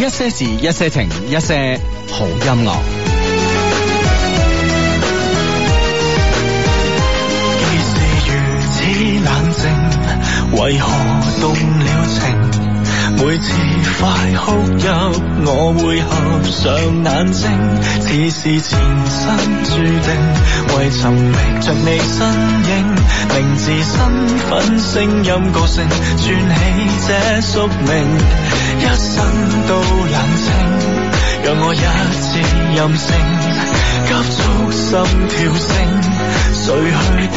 一些事，一些情，一些好音樂。樂。既是如此冷靜，為何動了情？ 每次快哭泣，我會合上眼睛，似是前生注定，為尋覓着你身影，名字、身份、聲音、個性，串起這宿命，一生都冷清，讓我一次任性，急速心跳聲，誰去定？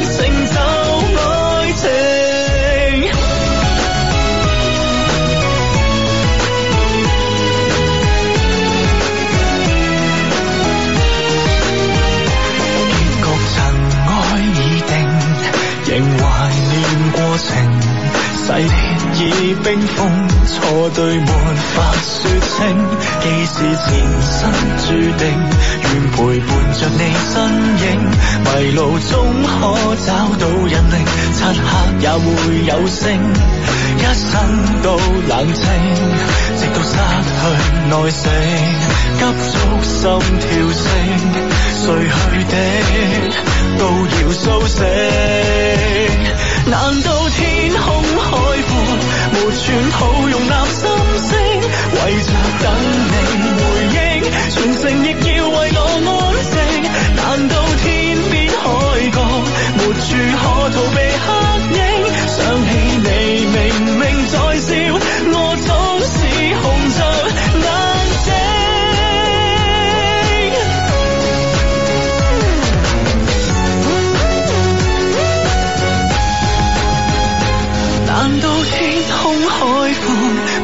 誓言已冰封，坐對沒法説清。既是前生注定，願陪伴着你身影。迷路終可找到引力。漆黑也會有星。一生都冷清，直到失去耐性，急速心跳聲，睡去的都要甦醒。難道天空海闊沒處好容納心聲，為著等你回應，全城亦要為我安靜。難道天邊海角沒處可逃避黑影，想起你明明在笑，我走。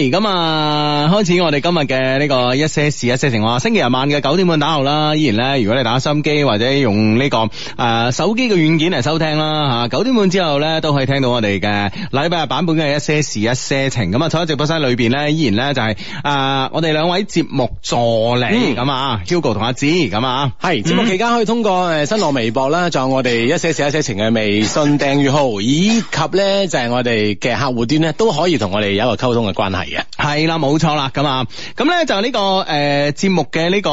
嚟噶嘛？開始我哋今日嘅呢個一些事一些情話，我話星期日晚嘅九點半打後啦，依然咧，如果你打收音機或者用呢、這個誒、呃、手機嘅軟件嚟收聽啦吓，九、啊、點半之後咧都可以聽到我哋嘅禮拜日版本嘅一些事一些情。咁、嗯、啊，坐喺直播室裏邊咧依然咧就係、是、誒、呃、我哋兩位節目助理咁啊，Hugo 同阿子咁啊，係節、啊、目期間可以通過誒新浪微博啦，仲有我哋一些事一些情嘅微信訂閱號，以及咧就係我哋嘅客戶端咧都可以同我哋有一個溝通嘅關係嘅。係啦，冇錯啦。咁啊，咁咧就呢個誒節目嘅呢個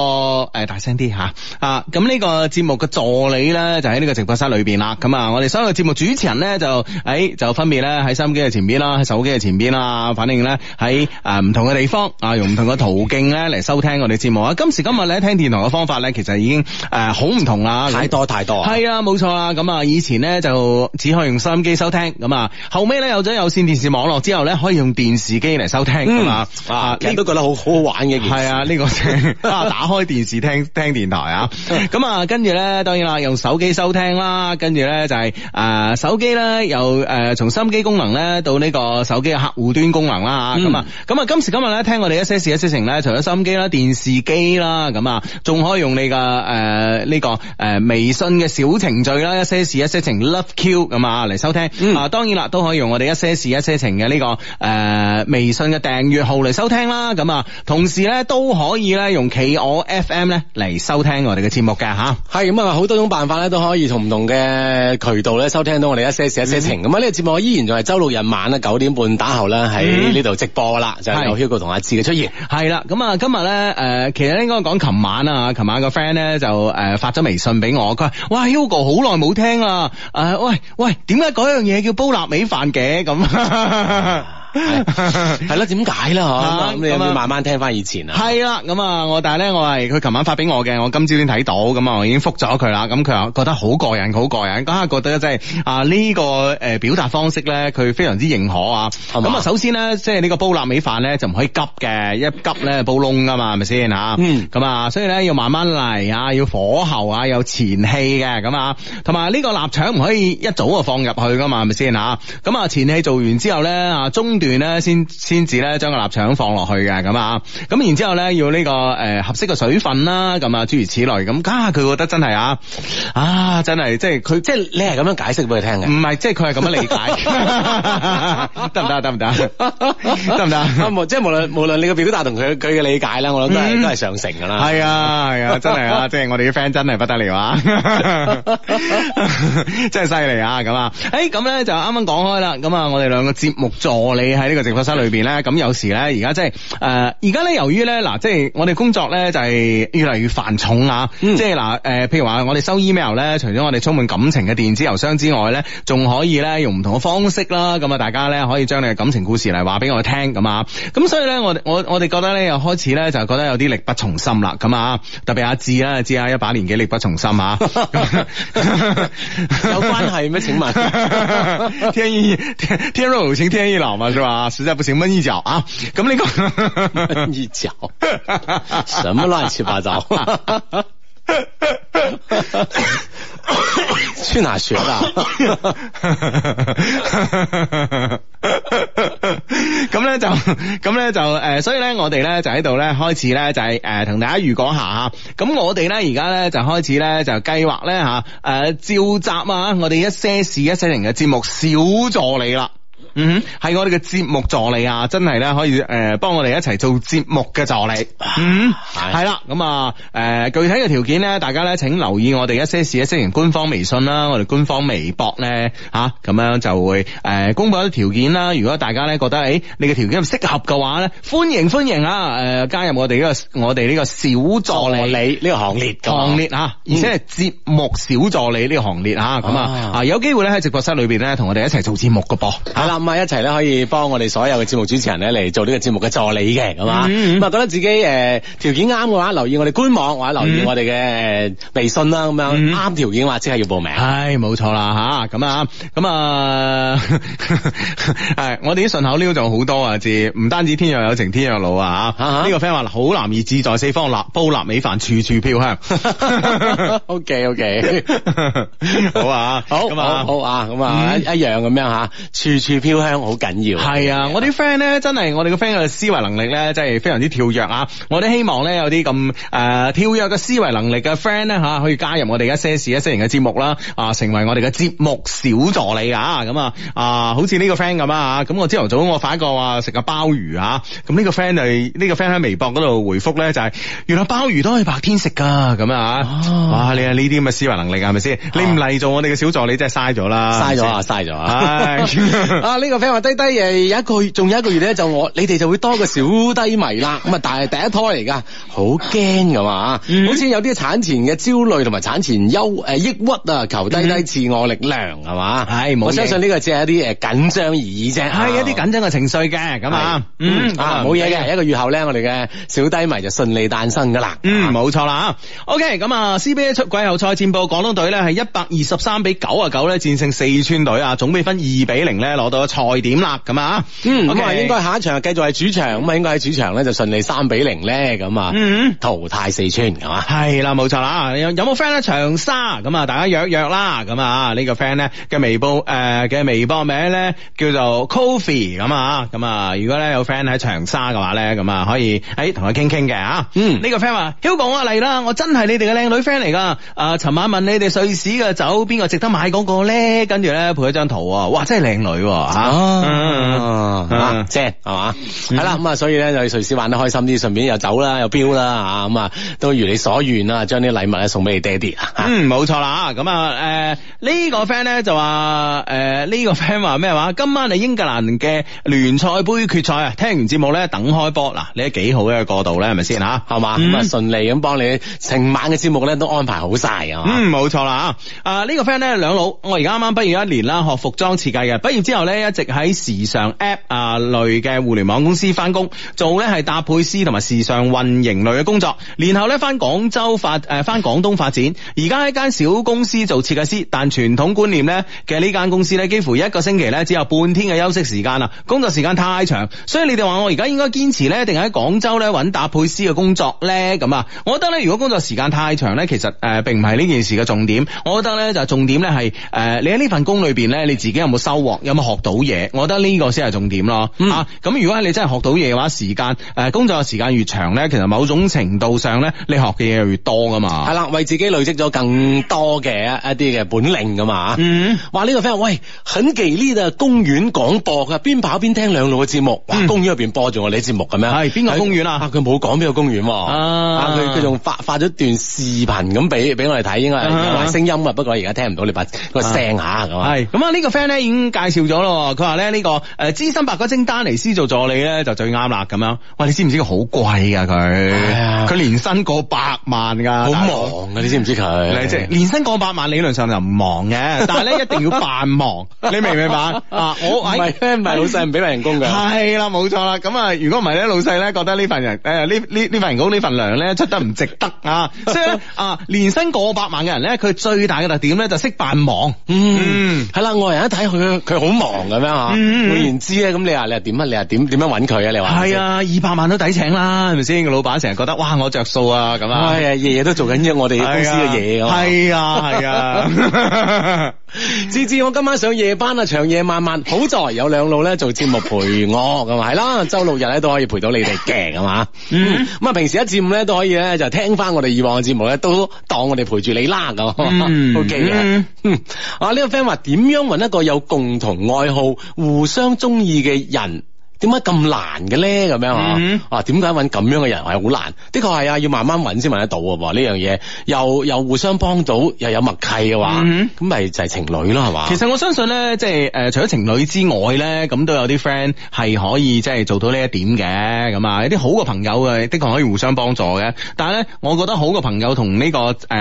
誒大聲啲吓？啊，咁呢個節目嘅助理咧就喺呢個直播室裏邊啦。咁、嗯、啊，我哋所有嘅節目主持人咧就喺就分別咧喺收音機嘅前邊啦，喺手機嘅前邊啦，反正咧喺誒唔同嘅地方啊，用唔同嘅途徑咧嚟收聽我哋節目啊。今時今日咧聽電台嘅方法咧，其實已經誒好唔同啦，太多太多。係啊，冇錯啊。咁啊，以前咧就只可以用收音機收聽，咁啊後尾咧有咗有綫電視網絡之後咧，可以用電視機嚟收聽㗎嘛，啊人都覺得好好好玩嘅 件事，係啊！呢個先啊，打開電視聽聽電台啊。咁啊， 跟住咧，當然啦，用手機收聽啦。跟住咧就係、是、誒、呃、手機咧，由、呃、誒從收音機功能咧到呢個手機嘅客戶端功能啦。吓咁啊，咁啊，今時今日咧，聽我哋一些事一些情咧，除咗收音機啦、電視機啦，咁啊，仲可以用你、呃這個誒呢個誒微信嘅小程序啦，一些事一些情 Love Q 咁啊嚟收聽啊，嗯、當然啦，都可以用我哋一些事一些情嘅呢、這個誒、呃、微信嘅訂閱號嚟收聽。啦咁啊，同時咧都可以咧用企鵝 FM 咧嚟收聽我哋嘅節目嘅吓，係咁啊，好多種辦法咧都可以同唔同嘅渠道咧收聽到我哋一些事一些情。咁啊呢個節目依然仲係周六日晚啦九點半打後咧喺呢度直播啦、嗯、就係有 Hugo 同阿志嘅出現係啦。咁啊今日咧誒其實應該講琴晚啊，琴晚個 friend 咧就誒發咗微信俾我，佢話哇 Hugo 好耐冇聽啊。呃，誒喂，喂，點解嗰樣嘢叫煲臘味飯嘅咁？ 係係啦，點解啦？嗬咁吧、啊、你要慢慢聽翻以前啊。係啦，咁啊，我但係咧，我係佢琴晚發俾我嘅，我今朝先睇到，咁、嗯、啊，我已經復咗佢啦。咁佢啊覺得好過癮，好過癮。嗰刻覺得即係啊呢個誒表達方式咧，佢非常之認可啊。咁啊吧，首先咧，即係呢個煲臘味飯咧就唔可以急嘅，一急咧煲燶噶嘛，係咪先吓？咁啊，所以咧要慢慢嚟啊，要火候啊，前氣有前氣嘅咁啊，同埋呢個臘腸唔可以一早就放入去噶嘛，係咪先吓？咁啊，前氣做完之後咧啊，中段。段咧，先先至咧將個臘腸放落去嘅咁啊，咁然之後咧要呢個誒合適嘅水分啦，咁啊諸如此類，咁啊佢覺得真係啊啊真係即係佢即係你係咁樣解釋俾佢聽嘅，唔係即係佢係咁樣理解，得唔得？得唔得？得唔得？無即係無論無論你嘅表達同佢佢嘅理解啦，我諗都係、嗯、都係上乘噶啦，係啊係啊，真係啊，即係我哋啲 friend 真係不得了啊，真係犀利啊咁啊，誒咁咧就啱啱講開啦，咁啊我哋兩個節目助理。喺呢個直播室裏邊咧，咁有時咧，而家即係誒，而家咧由於咧，嗱，即係我哋工作咧就係越嚟越繁重啊！即係嗱，誒，譬如話我哋收 email 咧，除咗我哋充滿感情嘅電子郵箱之外咧，仲可以咧用唔同嘅方式啦。咁啊，大家咧可以將你嘅感情故事嚟話俾我聽咁啊。咁所以咧，我我我哋覺得咧又開始咧就係覺得有啲力不從心啦。咁啊，特別阿志啦，知啊，一把年紀力不從心啊。有關係咩？請問天意天若無情天亦是吧？實在不行，悶一腳啊！咁你講，一腳，什麼亂七八糟？去 哪學啊？咁咧 就，咁咧就，誒，所以咧，我哋咧就喺度咧開始咧就係，誒，同大家預講下吓。咁 我哋咧而家咧就開始咧就計劃咧吓，誒、呃，召集啊，我哋一些事一些情嘅節目小助理啦。嗯係、mm hmm. 我哋嘅節目助理啊，真係咧可以誒幫、呃、我哋一齊做節目嘅助理。哇嗯，係啦，咁啊誒具體嘅條件咧，大家咧請留意我哋一些事一些情、官方微信啦，我哋官方微博咧吓，咁、啊、樣就會誒、呃、公布一啲條件啦。如果大家咧覺得誒、欸、你嘅條件適合嘅話咧，歡迎歡迎啊！誒加入我哋呢、這個我哋呢個小助理呢個行列行列吓，嗯、而且係節目小助理呢個行列吓，咁啊啊，啊有機會咧喺直播室裏邊咧同我哋一齊做節目嘅噃。好、啊、啦。一齊咧可以幫我哋所有嘅節目主持人咧嚟做呢個節目嘅助理嘅，係嘛？咁啊覺得自己誒條件啱嘅話，留意我哋官網或者留意我哋嘅微信啦，咁樣啱條件話即係要報名。係，冇錯啦吓，咁啊，咁啊，係我哋啲順口溜仲好多啊，字唔單止天若有情天亦老啊，吓呢個 friend 話好男兒志在四方，臘煲臘米飯處處飄香。OK OK，好啊，好，好啊，咁啊一樣咁樣吓，處處飄。好緊 要係啊！嗯、我啲 friend 咧真係是、啊、我哋個 friend 嘅思維能力咧，真係非常之跳躍啊！我哋希望咧有啲咁誒跳躍嘅思維能力嘅 friend 咧吓，可以加入我哋一些事一些情嘅節目啦啊，成為我哋嘅節目小助理啊！咁啊啊，好似呢個 friend 咁啊！咁我朝頭早我發覺啊，食個鮑魚啊。咁、這、呢個 friend 就呢個 friend 喺微博嗰度回覆咧，就係、是、原來鮑魚都可以白天食噶咁啊！啊哇！你啊呢啲咁嘅思維能力係咪先？你唔嚟做我哋嘅小助理真係嘥咗啦！嘥咗啊！嘥咗啊！呢個 friend 話低低誒，有一個月，仲有一個月咧，就我你哋就會多個小低迷啦。咁啊，但係第一胎嚟噶，嗯、好驚噶嘛，好似有啲產前嘅焦慮同埋產前憂誒抑鬱啊，求低低自我力量係嘛？係，我相信呢個只係一啲誒緊張而已啫，係唉、嗯、一啲緊張嘅情緒嘅。咁啊，冇嘢嘅，一個月後咧，我哋嘅小低迷就順利誕生噶、嗯、啦。嗯、okay，冇錯啦。吓，OK，咁啊，CBA 出季後賽戰報廣東隊，廣東隊咧係一百二十三比九啊九咧戰勝四川隊啊，總比分二比零咧攞到。賽點啦，咁啊，嗯，咁啊，應該下一場繼續係主場，咁啊、嗯，應該喺主場咧就順利三比零咧，咁啊、嗯，淘汰四川，係嘛？係啦，冇錯啦，有冇 friend 咧長沙，咁啊，大家約約啦，咁啊，呢、這個 friend 咧嘅微博誒嘅微博名咧叫做 Coffee，咁啊，咁啊，如果咧有 friend 喺長沙嘅話咧，咁啊可以誒同佢傾傾嘅啊，嗯，呢個 friend 話，Hugo 啊，嚟啦，我真係你哋嘅靚女 friend 嚟噶。啊、呃，尋晚問你哋瑞士嘅酒邊個值得買嗰個咧，跟住咧配咗張圖，哇，真係靚女、啊。哦，啊，即係，係嘛，係啦，咁啊，所以咧就隨時玩得開心啲，順便又走啦，又表啦，啊，咁啊，都如你所願啦，將啲禮物咧送俾你爹哋啊。嗯，冇錯啦，吓、嗯，咁啊，誒，呢個 friend 咧就話，誒，呢個 friend 話咩話？今晚係英格蘭嘅聯賽杯決賽啊！聽完節目咧，等開波嗱、啊，你幾好嘅一個過渡咧，係咪先吓？係嘛、mm，咁啊順利咁幫你成晚嘅節目咧都安排好晒啊。嗯，冇錯啦，啊，呢個 friend 咧兩老，我而家啱啱畢業一年啦，學服裝設計嘅，畢業之後咧。一直喺時尚 app 啊類嘅互聯網公司翻工，做呢係搭配師同埋時尚運營類嘅工作，然後呢翻廣州發誒翻、呃、廣東發展，而家喺間小公司做設計師，但傳統觀念呢嘅呢間公司呢幾乎一個星期呢只有半天嘅休息時間啊，工作時間太長，所以你哋話我而家應該堅持呢定喺廣州呢揾搭配師嘅工作呢？咁啊，我覺得呢如果工作時間太長呢，其實誒、呃、並唔係呢件事嘅重點，我覺得呢就係、重點呢係誒你喺呢份工裏邊呢，你自己有冇收穫，有冇學到？好嘢，我覺得呢個先係重點咯嚇。咁如果你真係學到嘢嘅話，時間誒工作嘅時間越長咧，其實某種程度上咧，你學嘅嘢又越多㗎嘛。係啦，為自己累積咗更多嘅一啲嘅本領噶嘛嚇。話呢個 friend 喂，肯奇呢度公園廣播嘅，邊跑邊聽兩路嘅節目。哇，公園入邊播住我哋嘅節目咁樣？係邊個公園啊？佢冇講邊個公園喎。佢仲發發咗段視頻咁俾俾我哋睇，應該係有埋聲音啊。不過而家聽唔到你把個聲嚇咁啊。係咁啊，呢個 friend 咧已經介紹咗咯。.佢話咧呢個誒資深白骨精丹尼斯做助理咧就最啱啦咁樣。喂，你知唔知佢好貴㗎？佢佢年薪過百萬㗎，好忙㗎。你知唔知佢？年薪過百萬理論上就唔忙嘅，但係咧一定要扮忙。你明唔明白啊？我係唔係老細唔俾份人工㗎？係啦，冇錯啦。咁啊，如果唔係咧，老細咧覺得呢份人誒呢呢呢份人工呢份糧咧出得唔值得啊？所以啊，年薪過百萬嘅人咧，佢最大嘅特點咧就識扮忙。嗯，係啦，外人一睇佢佢好忙㗎。.咁樣，樣啊，換言之咧。咁你話你又點啊？你又點點樣揾佢啊？你話係啊，二百萬都抵請啦，係咪先？個老闆成日覺得哇，我着數啊咁啊，係啊，日日都做緊一我哋公司嘅嘢咁啊，係啊，係啊。 至至我今晚上夜班啊，長夜漫漫，好在有兩路咧做節目陪我咁係啦，周六日咧都可以陪到你哋勁啊嘛，mm hmm. 嗯，咁啊平時一至五咧都可以咧就聽翻我哋以往嘅節目咧，都當我哋陪住你啦咁，mm hmm.，OK 嘅啊。啊、這、呢個 friend 話點樣搵一個有共同愛好、互相中意嘅人？點解咁難嘅咧？咁、嗯啊、樣啊？啊？點解揾咁樣嘅人係好難？的確係啊，要慢慢揾先揾得到喎。呢樣嘢又又互相幫到，又有默契嘅話，咁咪、嗯、就係情侶咯，係嘛？其實我相信咧，即係誒、呃，除咗情侶之外咧，咁都有啲 friend 係可以即係做到呢一點嘅。咁啊，有啲好嘅朋友啊，的確可以互相幫助嘅。但係咧，我覺得好嘅朋友同呢、這個誒誒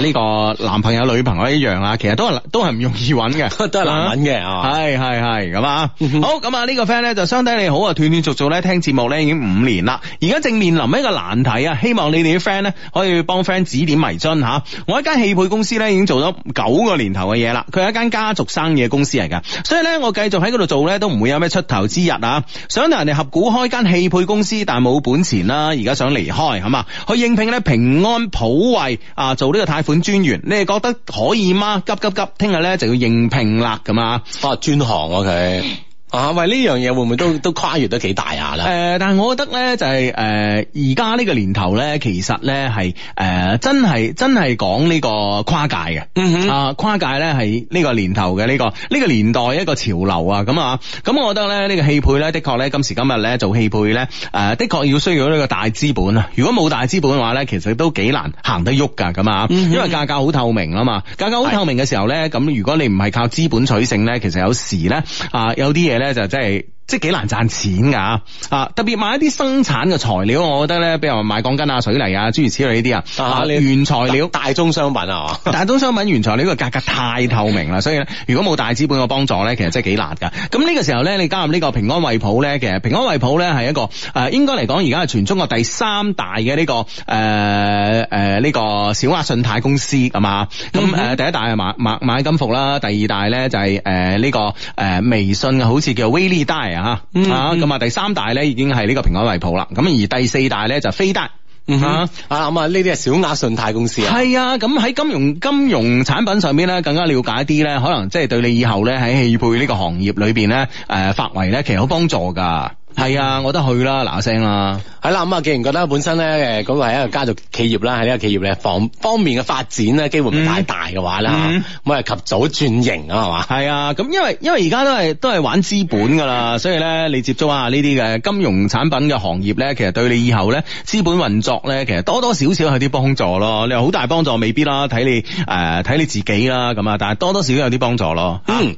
呢個男朋友女朋友一樣啊，其實都係都係唔容易揾嘅，都係難揾嘅，係係係咁啊、嗯 好。好，咁啊呢個。 friend 咧就相睇你好啊，斷斷續續咧聽節目咧已經五年啦，而家正面臨一個難題啊，希望你哋啲 friend 咧可以幫 friend 指點迷津吓。我一間汽配公司咧已經做咗九個年頭嘅嘢啦，佢係一間家，家族生意嘅公司嚟噶，所以咧我繼續喺嗰度做咧都唔會有咩出頭之日啊。想同人哋合股開間汽配公司，但係冇本錢啦，而家想離開係嘛？去應聘咧平安普惠啊做呢個貸款專員，你哋覺得可以嗎？急急急，聽日咧就要應聘啦咁啊！專行佢。啊，喂呢樣嘢會唔會都都跨越得幾大下、啊、咧？誒、呃，但係我覺得咧就係誒而家呢個年頭咧，其實咧係誒真係真係講呢個跨界嘅，啊、嗯哼 呃、跨界咧係呢個年頭嘅呢、這個呢、這個年代一個潮流啊咁啊咁，我覺得咧呢、這個汽配咧的確咧今時今日咧做汽配咧誒的確要需要呢個大資本啊，如果冇大資本嘅話咧，其實都幾難行得喐噶咁啊，嗯、哼 因為價格好透明啊嘛，價格好透明嘅時候咧，咁對 如果你唔係靠資本取勝咧，其實有時咧啊，啊有啲嘢。咧就真係。即係幾難賺錢㗎啊！特別買一啲生產嘅材料，我覺得咧，比如話買鋼筋啊、水泥啊，諸如此類呢啲啊，原材料大宗商品啊， 大宗商品原材料個價格,格太透明啦， 所以咧，如果冇大資本嘅幫助咧，其實真係幾難㗎。咁、這、呢個時候咧，你加入呢個平安惠普咧，其實平安惠普咧係一個誒，應該嚟講而家係全中國第三大嘅呢、這個誒誒呢個小額信貸公司係嘛？咁誒、嗯、哼第一大係買買買金服啦，第二大咧就係誒呢個誒微信好似叫微粒貸啊。吓，咁啊、嗯嗯，第三大咧已經係呢個平安惠普啦，咁而第四大咧就飛達，嗯哼，啊咁啊呢啲係小額信貸公司啊，係啊，咁喺金融金融產品上邊咧更加了解啲咧，可能即係對你以後咧喺汽配呢個行業裏邊咧，誒、呃，發圍咧其實有幫助噶，係、嗯、啊，我覺得去啦，嗱聲啦。係啦，咁啊、嗯，既然覺得本身咧，誒，嗰個係一個家族企業啦，喺呢個企業咧，方方面嘅發展咧，機會唔太大嘅話咧，嚇、嗯，咁、嗯、啊，及早轉型啊，係嘛？係啊，咁因為因為而家都係都係玩資本噶啦， 所以咧，你接觸下呢啲誒金融產品嘅行業咧，其實對你以後咧資本運作咧，其實多多少少有啲幫助咯。你話好大幫助未必啦，睇你誒睇、呃、你自己啦，咁啊，但係多多少少有啲幫助咯。嗯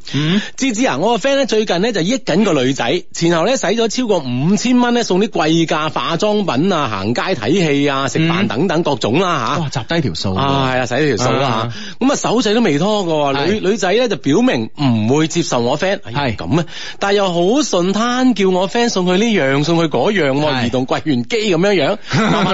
芝芝、嗯、啊，我個 friend 咧最近咧就益緊個女仔，前後咧使咗超過五千蚊咧送啲貴價品。化妝品啊，行街睇戲啊，食飯等等各種啦嚇，集低條數啊，係啊，使呢條數啦嚇。咁啊手勢都未拖過，女女仔咧就表明唔會接受我 friend。係咁啊，但係又好順攤叫我 friend 送佢呢樣送佢嗰樣，移動櫃員機咁樣樣。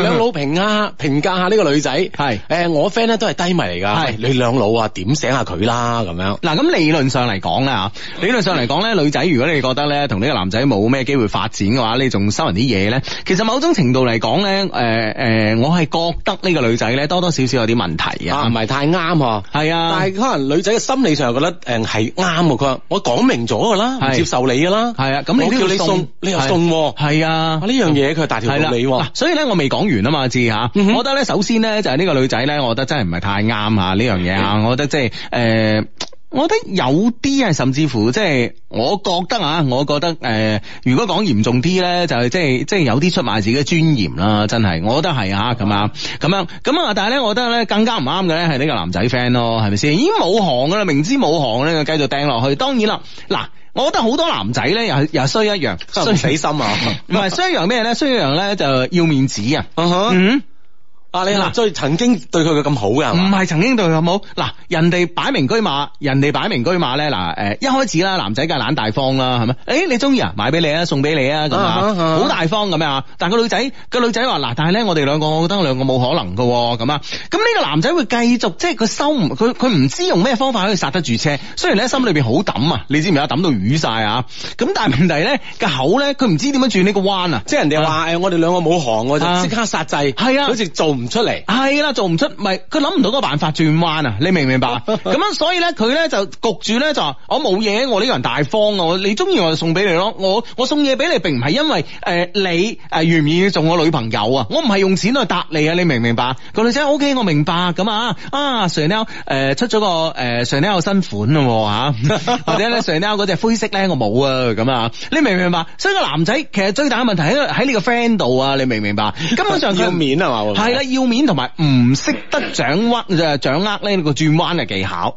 兩老評啊，評價下呢個女仔。係，誒，我 friend 咧都係低迷嚟㗎。係你兩老啊，點醒下佢啦咁樣。嗱咁理論上嚟講咧嚇，理論上嚟講咧，女仔如果你覺得咧同呢個男仔冇咩機會發展嘅話，你仲收人啲嘢咧，其實。某種程度嚟講咧，誒誒，我係覺得呢個女仔咧多多少少有啲問題啊，唔係太啱，係啊。但係可能女仔嘅心理上覺得，誒係啱，佢話我講明咗噶啦，接受你噶啦，係啊。咁我叫你送，你又送，係啊。呢樣嘢佢係大條道理。所以咧，我未講完啊嘛，志吓。我覺得咧，首先咧就係呢個女仔咧，我覺得真係唔係太啱啊呢樣嘢啊，我覺得即係誒。我覺得有啲啊，甚至乎即係，我覺得啊、呃，我覺得誒，如果講嚴重啲咧，就係即係即係有啲出賣自己嘅尊嚴啦，真係，我覺得係吓咁啊，咁樣咁啊，但係咧，我覺得咧更加唔啱嘅咧係呢個男仔 friend 咯，係咪先？已經冇行噶啦，明知冇行咧，繼續掟落去。當然啦，嗱，我覺得好多男仔咧又又衰一樣，衰死心啊，唔係衰一樣咩咧？衰一樣咧就要面子啊，哼、uh。Huh. Mm hmm. 啊，你嗱最曾經對佢嘅咁好噶，唔係曾經對佢咁好。嗱，人哋擺明車馬，人哋擺明車馬咧。嗱，誒，一開始啦，男仔梗係懶大方啦，係咪？誒、欸，你中意啊，買俾你啊，送俾你啊，咁啊，好大方咁啊。但個女仔個女仔話嗱，但係咧，我哋兩個，我覺得兩個冇可能噶。咁啊，咁呢個男仔會繼續，即係佢收唔，佢佢唔知用咩方法可以剎得住車。雖然咧心裏邊好抌啊，你知唔知，知啊？抌到瘀晒啊。咁但係問題咧，個口咧，佢唔知點樣轉呢個彎啊。即係人哋話誒，我哋兩個冇行，就即刻剎掣，係啊，好似做唔。出嚟係啦，做唔出咪佢諗唔到個辦法轉彎啊！你明唔明白？咁 樣所以咧，佢咧就焗住咧就話我冇嘢，我呢個人大方啊！你中意我就送俾你咯，我我送嘢俾你並唔係因為誒、呃、你誒願唔願意做我女朋友啊！我唔係用錢去答你啊！你明唔明白？個女仔 OK，我明白咁啊啊 Chanel 誒、呃、出咗個誒 Chanel 個新款啊吓，或者咧 Chanel 嗰隻灰色咧我冇啊！咁啊，你明唔明白？所以個男仔其實最大嘅問題喺喺你個 friend 度啊！你明唔 明白？根本上佢要面啊嘛係啦。要面同埋唔識得掌握誒，掌握呢、這個轉彎嘅技巧、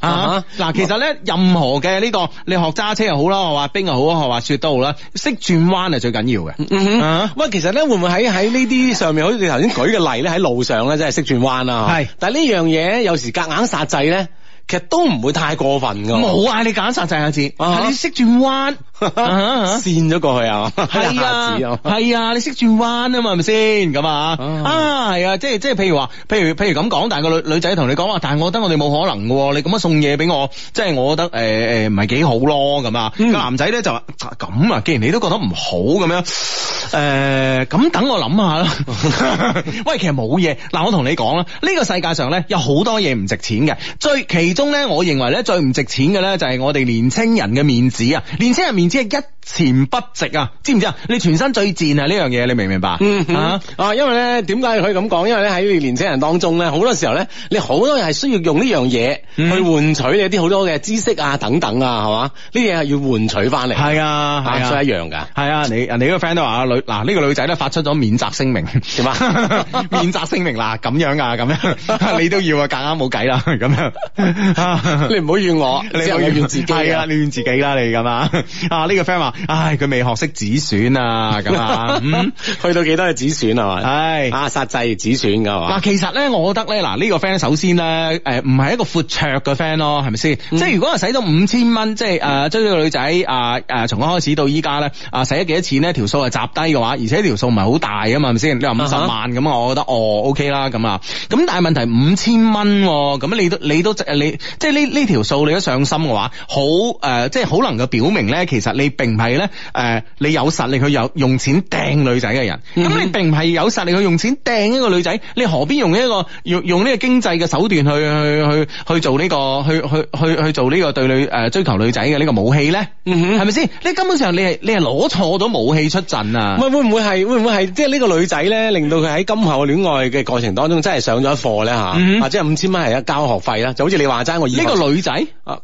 uh huh. 啊！嗱，其實咧任何嘅呢、這個，你學揸車又好啦，學滑冰又好，學滑雪都好啦，識轉彎係最緊要嘅。喂、uh huh. 啊，其實咧會唔會喺喺呢啲上面，好似你頭先舉嘅例咧，喺路上咧真係識轉彎啊？係、uh huh.，但係呢樣嘢有時夾硬剎掣咧，其實都唔會太過分噶。冇啊，你夾硬剎掣，下次、uh huh. 你識轉彎。扇咗過去啊！係啊，係啊，你識轉彎啊嘛，係咪先咁啊？啊，係啊，即係即係，譬如話，譬如譬如咁講，但係個女女仔同你講話，但係我覺得我哋冇可能嘅，你咁樣送嘢俾我，即係我覺得誒誒唔係幾好咯，咁啊，男仔咧就話咁啊，既然你都覺得唔好咁樣，誒，咁等我諗下啦。喂，其實冇嘢，嗱，我同你講啦，呢個世界上咧有好多嘢唔值錢嘅，最其中咧我認為咧最唔值錢嘅咧就係我哋年青人嘅面子啊，年青人面。知係一錢不值啊？知唔知啊？你全身最賤啊！呢樣嘢你明唔明白啊？因為咧，點解佢咁講？因為咧喺年青人當中咧，好多時候咧，你好多嘢係需要用呢樣嘢去換取你啲好多嘅知識啊，等等啊，係嘛？呢嘢係要換取翻嚟，係啊，係啊，所以一樣噶。係啊，你你個 friend 都話啊，女嗱呢個女仔咧發出咗免責聲明，點啊？免責聲明嗱，咁樣啊，咁樣你都要啊，夾硬冇計啦，咁樣你唔好怨我，你又要怨自己，係啊，你怨自己啦，你咁啊。啊！呢個 friend 話，唉，佢未學識止損啊，咁啊，嗯，去到幾多係止損啊？嘛，唉，實際止損噶嗱，其實咧，我覺得咧，嗱，呢個 friend 首先咧，誒，唔係一個闊綽嘅 friend 咯，係咪先？即係如果係使咗五千蚊，即係誒追呢個女仔，啊誒，從嗰開始到依家咧，啊，使咗幾多錢呢？條數係集低嘅話，而且條數唔係好大啊嘛，係咪先？你話五十萬咁，我覺得，哦，OK 啦，咁啊，咁但係問題五千蚊，咁你都你都你即係呢呢條數，你都上心嘅話，好誒，即係好能夠表明咧，其實。你並唔係咧，誒、呃，你有實力去有用錢掟女仔嘅人，咁、嗯、哼你並唔係有實力去用錢掟一個女仔，你何必用呢一個用用呢個經濟嘅手段去去去去，去，去，去，去做呢個去去去去做呢個對女誒、呃、追求女仔嘅呢個武器咧？嗯係咪先？你根本上你係你係攞錯咗武器出陣啊！唔係、嗯、哼會唔會係會唔會係即係呢個女仔咧令到佢喺今後嘅戀愛嘅過程當中真係上咗一課咧嚇？或者五千蚊係一交學費啦，就好似你話齋我呢個女仔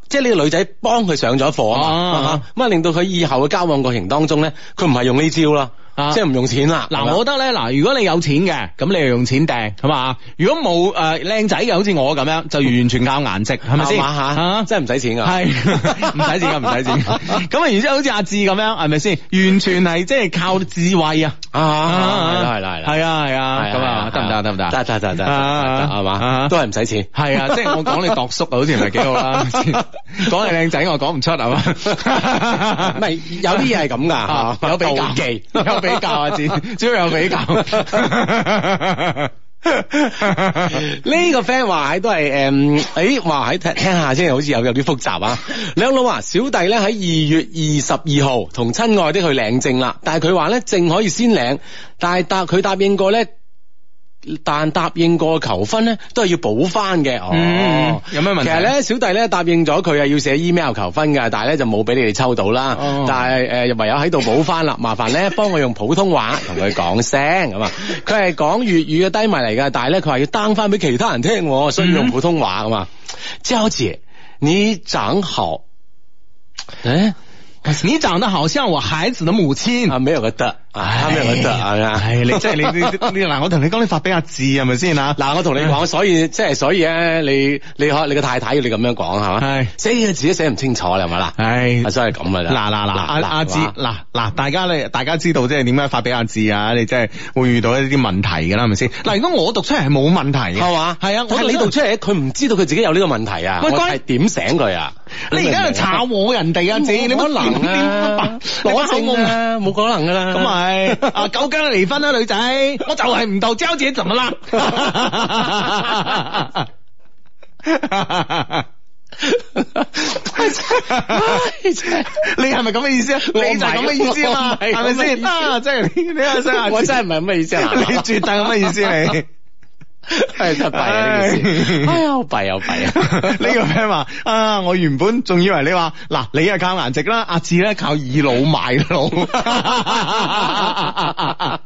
即係呢個女仔幫佢上咗一課啊，咁啊令到。佢以後嘅交往過程當中咧，佢唔係用呢招啦，啊，即係唔用錢啦。嗱，我覺得咧，嗱，如果你有錢嘅，咁你又用錢訂，係嘛？如果冇誒靚仔嘅，好似我咁樣，就完全靠顏值，係咪先嚇？嚇，即係唔使錢㗎，係唔使錢㗎，唔使錢。咁啊，然之後好似阿志咁樣，係咪先？完全係即係靠智慧啊！啊，係啦，係啦，係啦，係啊，係啊，咁啊，得唔得，得唔得，得，得，得，得，得，得係嘛，都係唔使錢，係啊，即係我講你郭叔啊，好似唔係幾好啦，講你靚仔，我講唔出係嘛，咪有啲嘢係咁噶，有比較，有比較，只，只有比較。呢 個 friend 話喺都係誒，誒話喺聽下先，好似有有啲複雜啊。兩 老話小弟咧喺二月二十二號同親愛的去領證啦，但係佢話咧證可以先領，但係答佢答應過咧。但答應過求婚咧，都係要補翻嘅。哦，嗯、有咩問題？其實咧，小弟咧答應咗佢啊，要寫 email 求婚噶，但係咧就冇俾你哋抽到啦。哦、但係誒，又唯有喺度補翻啦。麻煩咧，幫我用普通話同佢講聲咁啊。佢係講粵語嘅低迷嚟噶，但係咧佢話要 down 翻俾其他人聽，哦，所以用普通話咁嘛。嬌、嗯、姐，你長好誒、欸，你長得好像我孩子的母親啊，沒有嘅。唉，咩嗰度係你即係你你嗱，我同你講，你發俾阿志係咪先啊？嗱，我同你講，所以即係所以咧，你你可你個太太要你咁樣講係嘛？寫嘢自己寫唔清楚係咪啦？唉，所以係咁噶啦。嗱嗱嗱，阿阿志嗱嗱，大家咧大家知道即係點樣發俾阿志啊？你即係會遇到一啲問題噶啦，係咪先？嗱，如果我讀出嚟係冇問題係嘛？係啊，我你讀出嚟佢唔知道佢自己有呢個問題啊！我係點醒佢啊？你而家就炒我人哋啊，志，你冇可能啦，冇可能啦，冇可能噶啦。係，九斤離婚啦，女仔，我就係唔到，只姐，自己做啦。你係咪咁嘅意思啊？啊 你就係咁嘅意思啊？係咪先？啊，即係你，你係咪我真係唔係咁嘅意思啊！你絕對咁嘅意思你？係得弊啊！呢件事，哎呀，弊又弊啊！呢 個咩話、啊：啊，我原本仲以為你話嗱，你啊，靠顏值啦，阿志咧靠倚老賣老。 啊啊啊啊啊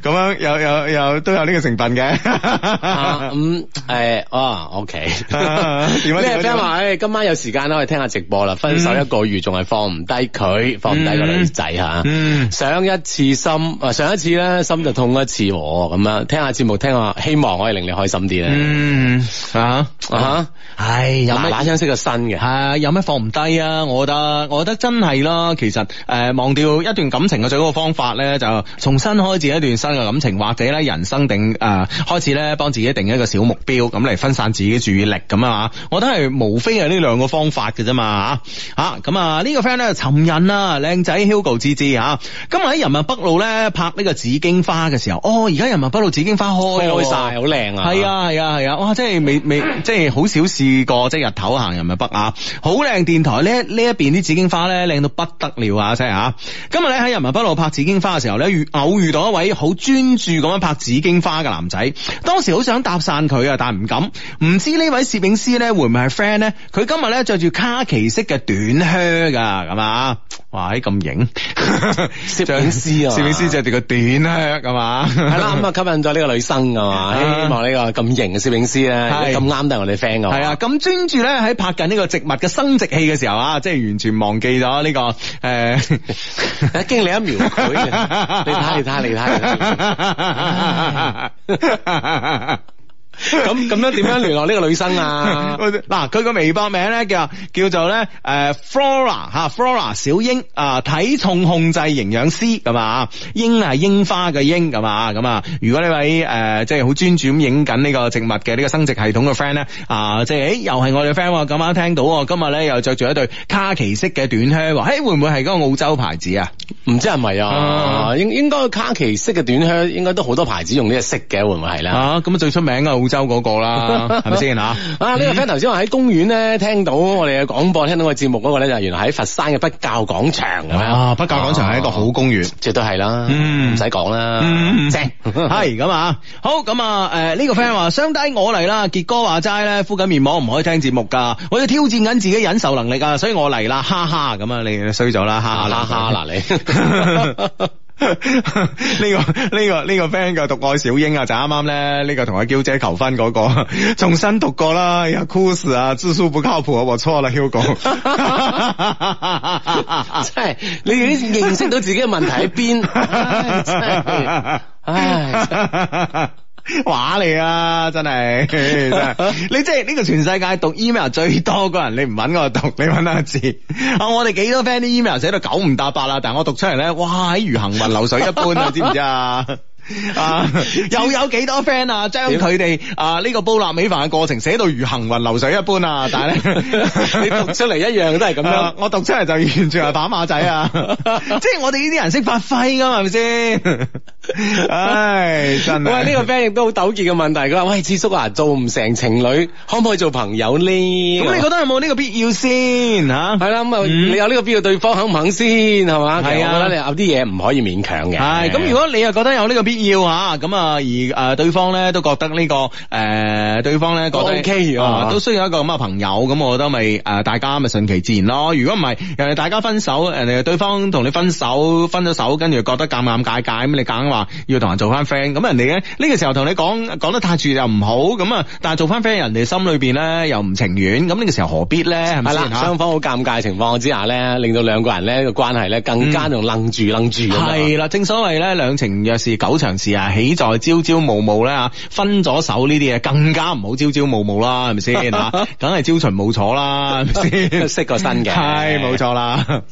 咁 樣有有有都有呢個成分嘅。咁 誒啊、嗯哎哦、，OK。咩 friend 話誒，今晚有時間啦，我哋聽下直播啦。分手一個月，仲係、嗯、放唔低佢，放唔低個女仔吓、啊嗯啊。上一次心啊上一次咧心就痛一次。咁、啊、樣聽下節目，聽下希望可以令你開心啲咧。嗯啊吓，啊啊啊唉有咩？嗱嗱聲識個新嘅。吓有咩放唔低啊？我覺得我覺得，我覺得真係咯，其實誒、呃，忘掉一段感情嘅。最好嘅方法咧，就重新開始一段新嘅感情，或者咧人生定誒、呃、開始咧，幫自己定一個小目標，咁嚟分散自己注意力咁啊！我都係無非係呢兩個方法嘅啫嘛嚇嚇咁啊！呢個 friend 咧就尋人啊，靚、啊這個啊、仔 Hugo 芝芝嚇，今日喺人民北路咧拍呢個紫荊花嘅時候，哦而家人民北路紫荊花開曬，好靚啊！係啊係啊係啊！哇、啊，真係未未即係好少試過即係日頭行人民北啊，好靚！電台呢呢一邊啲紫荊花咧靚到不得了啊！即係嚇，今日咧喺人民北。啊一路拍紫荊花嘅時候咧，遇偶遇到一位好專注咁樣拍紫荊花嘅男仔，當時好想搭訕佢啊，但係唔敢。唔知呢位攝影師咧會唔會係 friend 咧？佢今日咧着住卡其色嘅短靴噶，咁啊。哇！係咁型攝影師啊，攝影師著住個短靴，咁 嘛？ 係啦，咁啊吸引咗呢個女生，係嘛？希望呢個咁型嘅攝影師咧，咁啱都係我哋 friend 啊，係啊，咁專注咧喺拍緊呢個植物嘅生殖器嘅時候啊，即係完全忘記咗呢、這個誒、欸、 經理一描繪。 你睇，你睇，你睇。 咁咁樣點樣聯絡呢個女生啊？嗱，佢個微博名咧叫叫做咧，誒 Flora 吓 Flora 小英啊，體重控制營養師係嘛啊，英係櫻花嘅英係嘛咁啊。如果呢位誒即係好專注咁影緊呢個植物嘅呢個生殖系統嘅 friend 咧啊，即係誒、哎、又係我哋 friend 咁啱聽到，今日咧又着住一對卡其色嘅短靴，誒、欸、會唔會係嗰個澳洲牌子是是啊？唔知係咪啊？應應該卡其色嘅短靴應該都好多牌子用呢個色嘅，會唔會係啦？啊，咁啊最出名啊！州個啦，係咪先啊？啊、這個、呢個 friend 頭先話喺公園咧聽到我哋嘅廣播，聽到我節目嗰個咧就原來喺佛山嘅北滘廣場，係啊，嗎啊北滘廣場係一個好公園，即都係啦，唔使講啦，正係咁 啊，好咁啊，誒、呃、呢、這個 friend 話相低我嚟啦，杰哥話齋咧敷緊面膜唔可以聽節目噶，我要挑戰緊自己忍受能力啊，所以我嚟啦，哈哈咁啊，你衰咗啦，哈啦哈嗱你。 呢個呢個呢個 friend 嘅獨愛小英啊，就啱啱咧呢個同阿嬌姐求婚嗰個，重新讀過啦，阿 Koos 啊，字數不靠譜，啊，我錯啦，Hugo，真係你已經認識到自己嘅問題喺邊，.話你啊，真係真係，你即係呢個全世界讀 email 最多個人，你唔揾我讀，你揾阿字。啊！ 我哋幾多 friend 啲 email 寫到九唔搭八啦，但係我讀出嚟咧，哇！喺如行雲流水一般知知 啊，知唔知啊？又有幾多 friend 啊，將佢哋啊呢個煲臘味飯嘅過程寫到如行雲流水一般啊！但係咧， 你讀出嚟一樣都係咁樣， 我讀出嚟就完全係打馬仔啊！ 即係我哋呢啲人識發揮噶嘛，係咪先？唉，真係！我呢個 friend 亦都好糾結嘅問題，佢話喂，智叔啊，做唔成情侶，可唔可以做朋友呢？咁你覺得有冇呢個必要先吓？係啦，咁啊，你有呢個必要，對方肯唔肯先係嘛？係啊，你有啲嘢唔可以勉強嘅。係咁，如果你又覺得有呢個必要啊，咁啊而誒對方咧都覺得呢個誒對方咧覺得 OK，都需要一個咁嘅朋友，咁我覺得咪誒大家咪順其自然咯。如果唔係，人哋大家分手，人哋對方同你分手，分咗手，跟住覺得尷尷尬尬咁，你咁要同人做翻 friend，咁人哋咧呢個時候同你講講得太住又唔好，咁啊，但係做翻 friend，人哋心裏邊咧又唔情願，咁、這、呢個時候何必咧？係啦， 雙方好尷尬嘅情況之下咧，令到兩個人咧個關係咧更加仲愣住愣住咁。係啦、嗯，正所謂咧兩情若是久長時，豈在朝朝暮暮咧？吓，分咗手呢啲嘢更加唔好朝朝暮暮啦，係咪先？吓，梗係朝秦暮楚啦，係咪先？ 識個新嘅，係冇錯啦。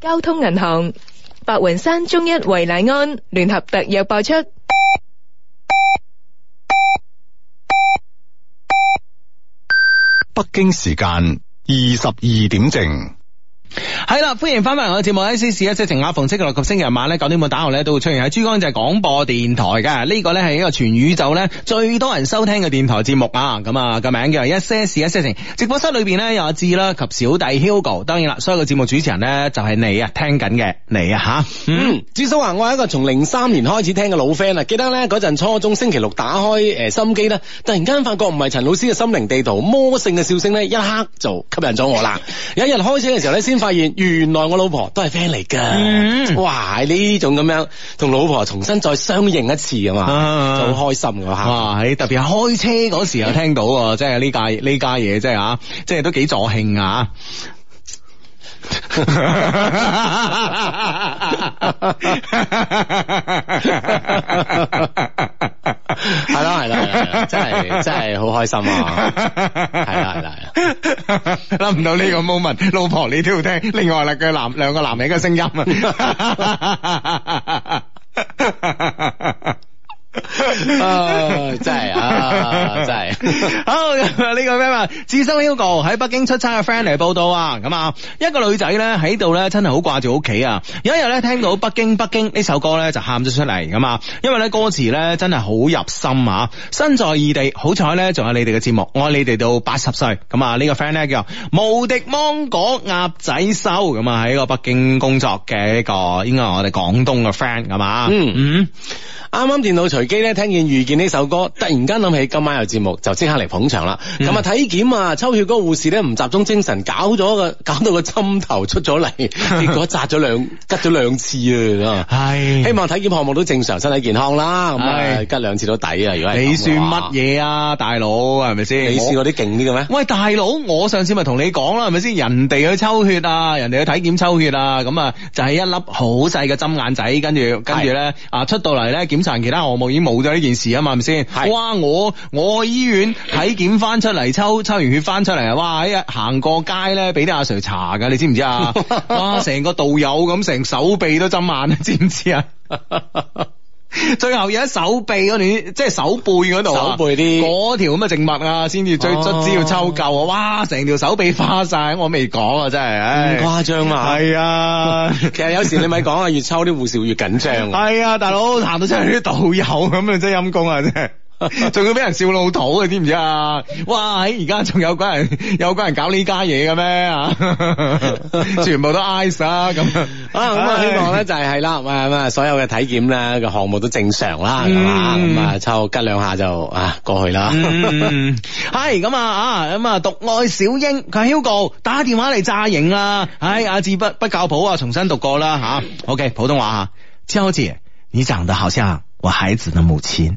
交通銀行。白雲山中一維乃安聯合特約播出。北京時間二十二點正。係啦，歡迎翻返嚟我嘅節目《一些事一些情》，阿逢星期六及星期日晚咧九點半打後咧都會出現喺珠江台廣播電台嘅。呢個咧係一個全宇宙咧最多人收聽嘅電台節目啊。咁啊個名叫《一些事一些情》，直播室裏邊咧有我志啦及小弟 Hugo。當然啦，所有嘅節目主持人咧就係你啊，聽緊嘅你啊吓。嗯，嗯，至少話，我係一個從零三年開始聽嘅老 friend 啦。記得咧嗰陣初中星期六打開誒、呃、心機咧，突然間發覺唔係陳老師嘅心靈地圖，魔性嘅笑聲咧一刻就吸引咗我啦。有 一日開始嘅時候咧，先。發現原來我老婆都係 friend 嚟噶，嗯、哇！呢種咁樣同老婆重新再相認一次咁嘛，啊、就好開心噶吓。喺特別係開車嗰時又、嗯、聽到，即係呢家呢家嘢，即係吓，即係都幾助興啊！係咯，係咯，真係真係好開心啊！係啦係啦，諗唔到呢個 moment，老婆你都要聽另外啦嘅男兩個男人嘅聲音啊！ 呃、真啊，真係 啊，真係好呢個咩嘛？智深 Hugo 喺北京出差嘅 friend 嚟報道啊，咁啊，一個女仔咧喺度咧，真係好掛住屋企啊！有一日咧，聽到《北京北京》呢首歌咧，就喊咗出嚟咁啊，因為咧歌詞咧真係好入心啊！身在異地，好彩咧，仲有你哋嘅節目，愛你哋到八十歲。咁啊，呢、呢個 friend 咧叫無敵芒果鴨仔秀，咁啊喺個北京工作嘅呢個，應該係我哋廣東嘅 friend 咁啊。嗯嗯，啱啱、嗯、見到除。自己咧聽見《遇見》呢首歌，突然間諗起今晚有節目，就即刻嚟捧場啦。琴日體檢啊抽血嗰個護士呢，唔集中精神，搞咗個搞到個針頭出咗嚟，結果扎咗兩吉咗 兩次啊！係希望體檢項目都正常，身體健康啦。咁啊吉兩次都抵啊！如果你算乜嘢啊，大佬係咪先？是是我你試過啲勁啲嘅咩？喂，大佬，我上次咪同你講啦，係咪先？人哋去抽血啊，人哋去體檢抽血啊，咁啊就係一粒好細嘅針眼仔，跟住跟住咧啊出到嚟咧檢查其他項目。已經冇咗呢件事啊嘛，係咪先？哇！我我醫院體檢翻出嚟，抽抽完血翻出嚟啊！哇！一日行過街咧，俾啲阿 Sir 查噶，你知唔知啊？ 哇！成個道友咁，成手臂都針眼，知唔知啊？ 最後有一手臂嗰段，即係手背嗰度，手背啲嗰條咁嘅靜脈啊，先至最卒之要抽夠啊！哦、哇，成條手臂花晒，我未講啊，真係，咁誇張啊，係啊，哎、呀 其實有時你咪講啊，越抽啲護士越緊張。係啊、哎，大佬行到出去啲道友咁，你真陰功啊，真係。仲要俾人笑老土啊？知唔知啊？哇！而家仲有鬼人有鬼人搞呢家嘢嘅咩？ 全部都挨晒咁啊！咁 啊，Hey. 希望咧就係、是、啦，咁啊，所有嘅體檢啦個項目都正常啦，係嘛、mm.？咁啊，抽吉兩下就啊過去啦。係咁啊啊咁啊，獨、嗯、愛小英佢 Hugo 打電話嚟詐型啦！唉、啊，阿志不不教譜啊，重新讀過啦吓、啊。OK，普通話啊，嬌姐，你長得好似我孩子的母親。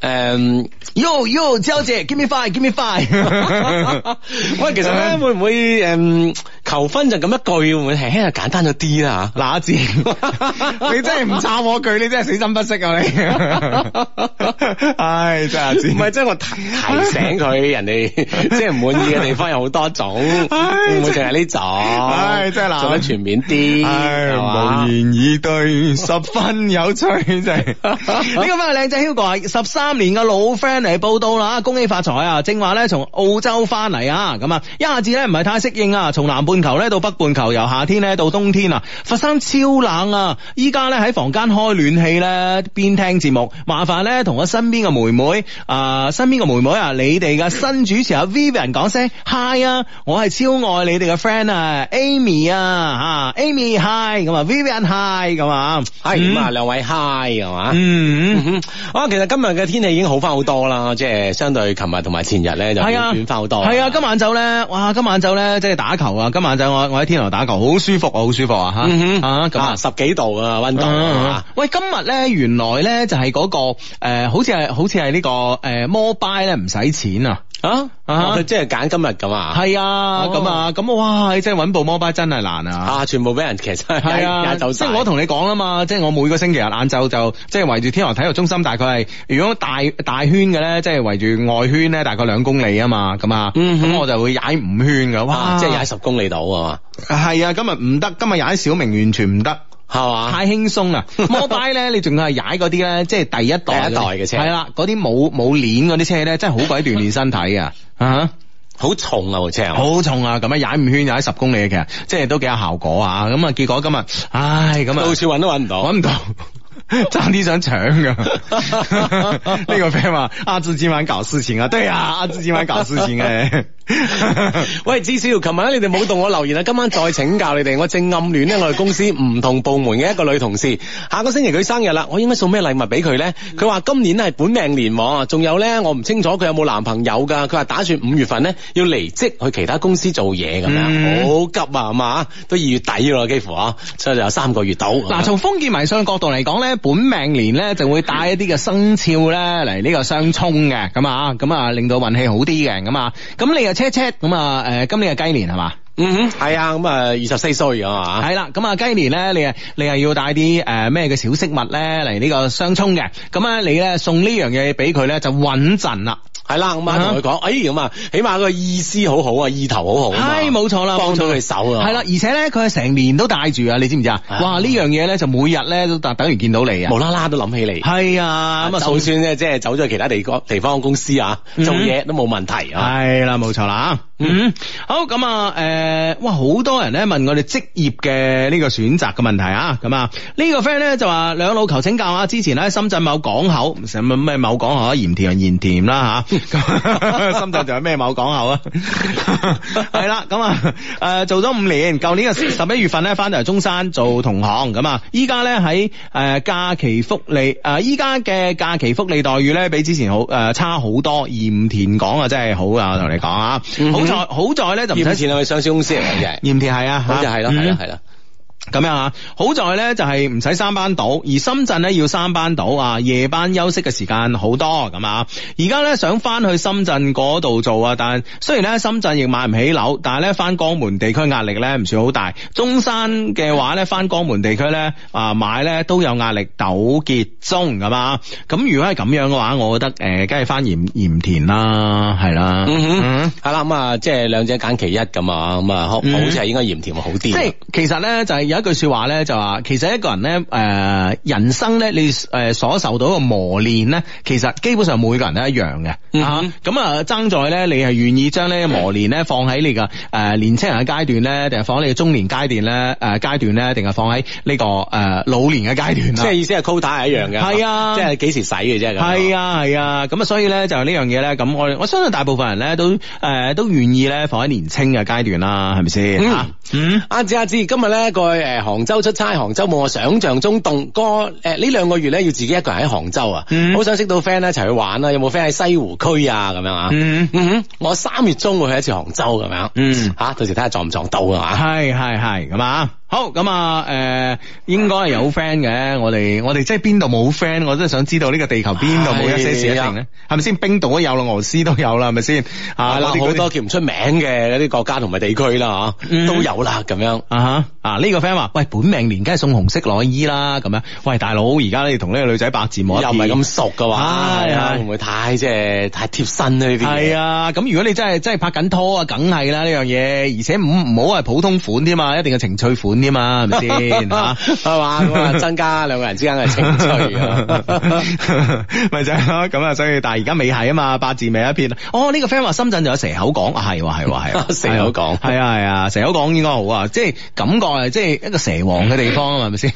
誒、um，Yo Yo，Jo 姐，Give me five，Give me five。 喂，其實咧、嗯、會唔會誒、um, 求婚就咁一句，會唔會輕輕啊簡單咗啲啦嗱，哪子？你真係唔差我一句，你真係死心不息啊你！ 唉、哎，真係唔係，即係、就是、我提提醒佢，人哋即係唔滿意嘅地方有好多種，哎、會唔會淨係呢種？唉、哎，真係啦，做得全面啲，唉、哎，無言以對，十分有趣，真係。呢個咩靚仔 Hugo 啊，十三。今年嘅老 friend 嚟報道啦，恭喜發財啊！正話咧從澳洲翻嚟啊，咁啊一下子咧唔係太適應啊，從南半球咧到北半球，由夏天咧到冬天啊，佛山超冷啊！依家咧喺房間開暖氣咧，邊聽節目，麻煩咧同我身邊嘅妹妹啊、呃，身邊嘅妹妹啊，你哋嘅新主持啊 Vivian 講聲 hi 啊，我係超愛你哋嘅 friend 啊，Amy 啊吓、啊、Amy hi 咁，Vivian hi 咁啊，係咁啊，兩位 hi 係嘛？嗯嗯嗯，好，其實今日嘅天天氣已經好翻好多啦，即係相對琴日同埋前日咧就暖翻好多。係啊，今晚晝咧，哇，今晚晝咧即係打球啊！今晚晝我我喺天台打球，好舒服啊，好舒服啊，吓、嗯、哼啊，咁啊，十幾度啊，温度，喂，今日咧原來咧就係、是、嗰、那個誒、呃，好似係好似係呢個誒、呃、摩拜咧唔使錢啊！啊！即係揀今日咁啊，係啊，咁啊，咁我哇，即係揾部摩巴真係難啊！全部俾人騎晒，係啊，走晒。即係我同你講啦嘛，即係我每個星期日晏晝就即係圍住天河體育中心，大概係如果大大圈嘅咧，即係圍住外圈咧，大概兩公里啊嘛，咁啊，咁我就會踩五圈㗎，哇，即係踩十公里度啊嘛，係啊，今日唔得，今日踩小明完全唔得。係嘛？啊、太輕鬆啦！摩拜咧，你仲要係踩嗰啲咧，即係第一代第一代嘅車，係啦，嗰啲冇冇鏈嗰啲車咧，真係好鬼鍛煉身體噶，啊，好重 啊部車，好重啊，咁、那個啊、樣踩五圈踩十公里嘅，其實即係都幾有效果啊。咁啊，結果今日，唉，咁啊，到處搵都搵唔到，搵唔到，爭啲想搶噶。呢個 friend 話：阿志今晚搞事情啊，對啊，阿志今晚搞事情誒。 喂，至少琴日你哋冇同我留言啊！今晚再請教你哋，我正暗戀呢，我哋公司唔同部門嘅一個女同事，下個星期佢生日啦，我應該送咩禮物俾佢呢？佢話今年係本命年喎，仲有呢，我唔清楚佢有冇男朋友噶，佢話打算五月份呢要離職去其他公司做嘢咁樣，好、嗯、急啊，係嘛？都二月底咯，幾乎啊，所以就有三個月到。嗱、嗯，從封建迷信嘅角度嚟講呢，本命年呢就會帶一啲嘅生肖呢嚟呢個相沖嘅，咁啊咁啊令到運氣好啲嘅，咁啊咁你又？車車咁啊，誒，今年係雞年係嘛？嗯哼，係啊，咁 啊，二十四歲啊嘛。係啦，咁啊，雞年咧，你啊，你係要帶啲誒咩嘅小飾物咧嚟呢個相沖嘅，咁啊，你咧送呢樣嘢俾佢咧就穩陣啦。係啦，我阿媽同佢講，誒咁啊，起碼個意思好好啊，意頭好好，係冇錯啦，幫到佢手啊。係啦，而且咧，佢係成年都戴住啊，你知唔知啊？哇，呢樣嘢咧就每日咧都等等於見到你啊，無啦啦都諗起你。係啊，咁啊，就算咧即係走咗去其他地方地方公司啊，做嘢都冇問題啊。係啦，冇錯啦。嗯，好咁啊，誒、呃，哇，好多人咧問我哋職業嘅呢個選擇嘅問題啊，咁、這、啊、個，呢個 friend 咧就話兩老求請教啊，之前咧深圳某港口，唔使咩咩某港口鹽田啊鹽田啦吓，啊、 深圳仲有咩某港口啊，係啦， 咁啊，誒、呃，做咗五年，舊年嘅十一月份咧翻到嚟中山做同行，咁啊，依家咧喺誒假期福利，誒依家嘅假期福利待遇咧比之前好誒、呃、差好多，鹽田港啊真係好啊，我同你講啊，好。嗯、好在咧就唔使錢，係嚴上市公司嚟嘅，唔使錢係啊，好似係咯，係咯、嗯，係咯。咁樣啊，好在咧就係唔使三班倒，而深圳咧要三班倒啊，夜班休息嘅時間好多咁啊。而家咧想翻去深圳嗰度做啊，但係雖然咧深圳亦買唔起樓，但係咧翻江門地區壓力咧唔算好大。中山嘅話咧翻江門地區咧啊買咧都有壓力，糾結中咁啊，咁、啊、如果係咁樣嘅話，我覺得誒，梗係翻鹽鹽田啦，係啦，嗯嗯，係啦、嗯哼，咁啊、嗯，即係兩者揀其一咁啊，咁啊，好似係、嗯、哼 應該鹽田好啲、嗯。即係其實咧就係有。一句説話咧就話，其實一個人咧誒人生咧你誒所受到嘅磨練咧，其實基本上每個人都一樣嘅，嚇咁啊爭在咧你係願意將咧磨練咧放喺你個誒年青人嘅階段咧，定係放喺你嘅中年階段咧誒階段咧，定係放喺你個誒老年嘅階段啦。即係意思係 quota 係一樣嘅，係啊，即係幾時使嘅啫，係啊係啊，咁啊所以咧就係呢樣嘢咧，咁我我相信大部分人咧都誒都願意咧放喺年青嘅階段啦，係咪先？嗯，阿子阿子，今日咧個。誒、呃，杭州出差，杭州冇我想象中凍。哥，誒、呃、呢兩個月咧要自己一個人喺杭州啊，好、mm hmm. 想識到 friend 一齊去玩啊。有冇 friend 喺西湖區啊？咁樣啊？嗯哼、mm，hmm. 我三月中會去一次杭州咁樣、啊，嗯、mm，吓、hmm. 啊、到時睇下撞唔撞到啊。嘛？係係係，咁啊。好咁啊，誒，應該係有 friend 嘅，我哋我哋即係邊度冇 friend，我真係想知道呢個地球邊度冇一些事一些情咧，係咪先？冰島都有，俄羅斯都有啦，係咪先？啊，好多叫唔出名嘅嗰啲國家同埋地區啦，都有啦，咁樣啊哈啊呢個 friend 話，喂，本命年梗係送紅色內衣啦，咁樣，喂大佬，而家你同呢個女仔八字冇得，又唔係咁熟嘅話，係啊，會唔會太即係太貼身啦呢啲嘢，係啊，咁如果你真係真係拍緊拖啊，梗係啦呢樣嘢，而且唔唔好係普通款添啊，一定嘅情趣款。啲嘛，係咪先？吓，係嘛，咁啊，增加兩個人之間嘅情趣咪就係咁，啊，所以但係而家未係啊嘛，八字未一撇哦呢、這個 friend 話，深圳就有蛇口港啊，係話係話係蛇口港，係啊，係啊，啊，啊，啊，啊蛇口港應該好啊，即係感覺啊，即係一個蛇王嘅地方，係咪先？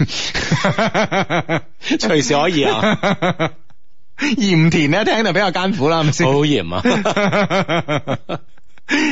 隨時可以啊，鹽 田咧聽就比較艱苦啦，係咪先？好鹽鹽啊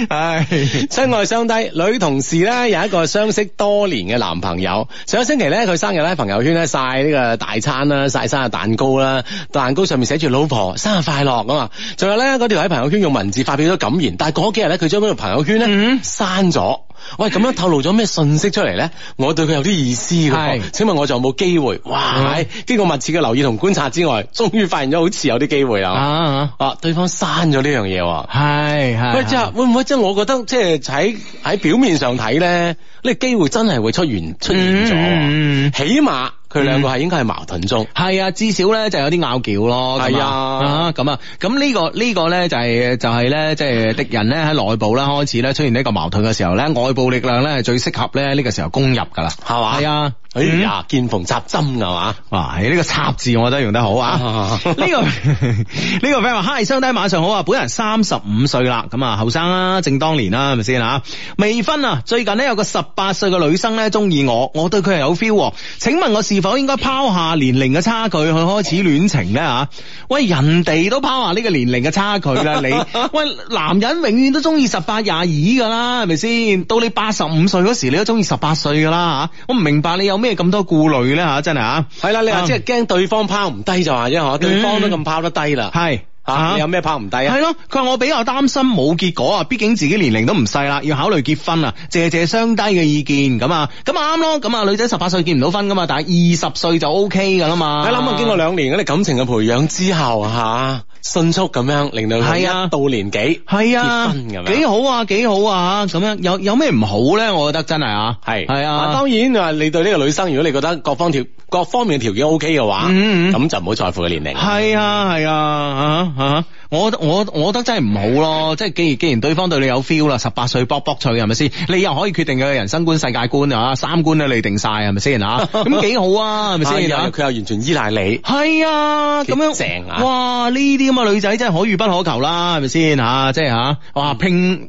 唉， 相愛相低，女同事咧有一個相識多年嘅男朋友，上個星期咧佢生日咧，朋友圈咧晒呢個大餐啦，晒生日蛋糕啦，蛋糕上面寫住老婆生日快樂咁啊，仲有咧嗰條喺朋友圈用文字發表咗感言，但係嗰幾日咧佢將嗰個朋友圈咧嗯刪咗。喂，咁樣透露咗咩信息出嚟咧？我對佢有啲意思嘅，係請問我仲有冇機會？哇！嗯、經過密切嘅留意同觀察之外，終於發現咗好似有啲機會啦。啊啊！啊，啊對方刪咗呢樣嘢。係係。喂，即係會唔會即係我覺得即係喺喺表面上睇咧，呢個機會真係會出現出現咗。嗯嗯。起碼。佢兩個係應該係矛盾中、嗯，係啊，至少咧就有啲拗撬咯，係啊，咁啊，咁呢、啊這個呢、這個咧就係、是、就係咧即係敵人咧喺內部啦，開始咧出現呢個矛盾嘅時候咧，外部力量咧係最適合咧呢個時候攻入噶啦，係嘛吧？係啊，哎呀，見縫插針嘅嘛，哇！呢、這個插字我覺得用得好啊，呢、 這個呢、這個 friend 話：嗨，生弟晚上好啊，本人三十五歲啦，咁啊後生啦，正當年啦、啊，係咪先啊？未婚啊，最近呢，有個十八歲嘅女生咧中意我，我對佢係有 feel，請問我是？否應該拋下年齡嘅差距去開始戀情咧吓、啊？喂，人哋都拋下呢個年齡嘅差距啦，你喂男人永遠都中意十八廿二噶啦，係咪先？到你八十五歲嗰時，你都中意十八歲噶啦吓？我唔明白你有咩咁多顧慮咧吓？真係吓，係、啊、啦，你話即係驚對方拋唔低就話因為我對方都咁拋得低啦，係。啊！有咩拍唔低啊？係咯，佢話我比較擔心冇結果啊，畢竟自己年齡都唔細啦，要考慮結婚啊。謝謝雙低嘅意見咁啊，咁啊啱咯，咁啊女仔十八歲見唔到婚噶，OK，嘛，但係二十歲就 OK 噶啦嘛。你諗咁啊經過兩年嗰啲感情嘅培養之後吓。迅速咁樣令到佢一到年紀係啊結婚咁樣幾好啊幾好啊咁樣有有咩唔好咧？我覺得真係啊，係係啊，當然就話你對呢個女生，如果你覺得各方條各方面條件 O K 嘅話，嗯咁、嗯、就唔好在乎嘅年齡。係啊係啊吓吓。啊啊我我我覺得真係唔好咯，即係既然既然對方對你有 feel 啦，十八歲卜卜脆係咪先？你又可以決定佢嘅人生觀、世界觀啊，三觀都你定晒係咪先啊？咁 幾好啊，係咪先？佢、 啊、又完全依賴你，係啊，咁樣成、啊、哇？呢啲咁嘅女仔真係可遇不可求啦，係咪先吓？即係、啊、吓哇，拼。嗯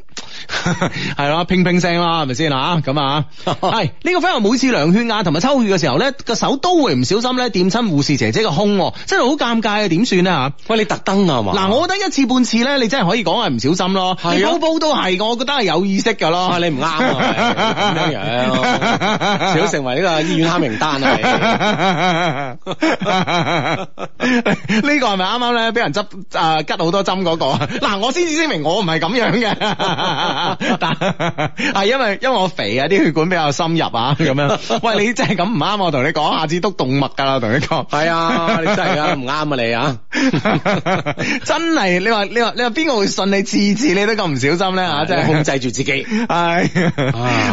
係咯，乒乒 聲啦，係咪先啊？咁啊，係呢、 哎這個 friend 每次量血壓同埋抽血嘅時候咧，個手都會唔小心咧，掂親護士姐姐個胸，真係好尷尬啊！點算啊？喂，你特登 啊嘛？嗱，我覺得一次半次咧，你真係可以講係唔小心咯。啊、你煲煲都係，我覺得係有意識㗎咯。你唔啱、啊，咁 樣樣、啊，少 成為呢個醫院黑名單啊！呢個係咪啱啱咧，俾人執誒，吉好多針嗰個？嗱，我先證明，明我唔係咁樣嘅。 但係、啊、因為因為我肥啊，啲血管比較深入啊，咁樣。喂， 喂你真係咁唔啱，我同你講，下次篤動物噶啦，同你講。係啊、 哎，你真係唔啱啊，你啊！ 真係你話你話你話邊個會信你次次你都咁唔小心咧嚇？真、啊、係 控制住自己。係，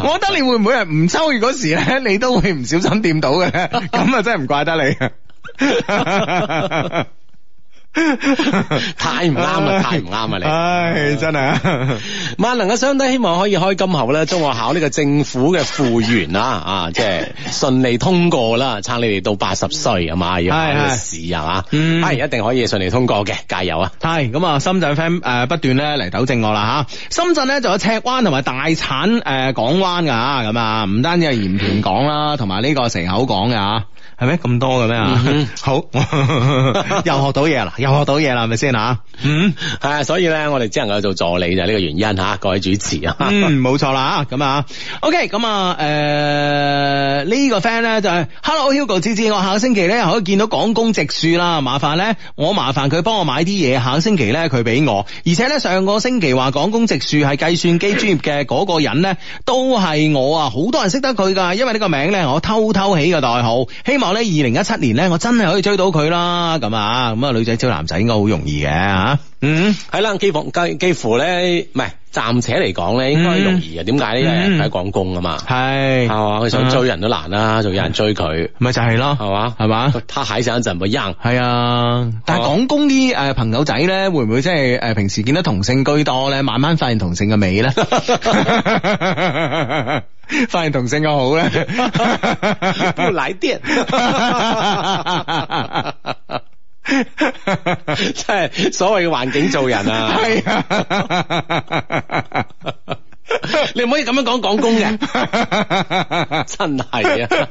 我覺得你會唔會係唔抽血嗰時咧，你都會唔小心掂到嘅？咁啊，真係唔怪得你。 太唔啱啊！太唔啱啊！你唉，真係萬能嘅相弟，希望可以開今後咧，中學考呢個政府嘅雇員啦啊，即係順利通過啦，撐你哋到八十歲係嘛，要考嘅試嘛，係一定可以順利通過嘅，加油啊！係咁、呃、啊，深圳 friend 誒、呃啊，不斷咧嚟糾正我啦吓，深圳咧就有赤灣同埋大鏟誒港灣噶吓，咁啊唔單止係鹽田港啦，同埋呢個蛇口港嘅吓。啊係咩咁多嘅咩啊？嗯、哼好 又，又學到嘢啦，又學到嘢啦，係咪先啊？嗯，係啊，所以咧，我哋只能夠做助理就係呢個原因吓、啊，各位主持啊。嗯，冇錯啦吓，咁啊，OK，咁啊，誒、okay, 啊，呃這個、呢個 friend 咧就係、是、Hello Hugo 子子，我下個星期咧可以見到港工植樹啦，麻煩咧，我麻煩佢幫我買啲嘢，下個星期咧佢俾我，而且咧上個星期話港工植樹係計算機專業嘅嗰個人咧，都係我啊，好多人識得佢噶，因為呢個名咧我偷偷起個代號，希望。我呢，二零一七年呢，我真係可以追到佢啦！咁啊，咁啊，女仔追男仔應該好容易嘅吓、啊。嗯，係啦、mm hmm. 幾乎幾乎咧，唔係暫且嚟講咧，應該容易嘅。點解、mm hmm. 呢？因為係廣工啊嘛，係係嘛，佢吧想追人都難啦、啊，仲是有人追佢，咪就係咯，係嘛吧，係嘛，他蟹上一陣，咪扔。係啊，但係廣工啲誒朋友仔咧，會唔會即係誒平時見到同性居多咧？慢慢發現同性嘅美咧， 發現同性嘅好咧，要嚟電。 真係所謂嘅環境做人啊！係啊！ 你唔可 真是 以咁樣講講工嘅，真係、這個、 啊！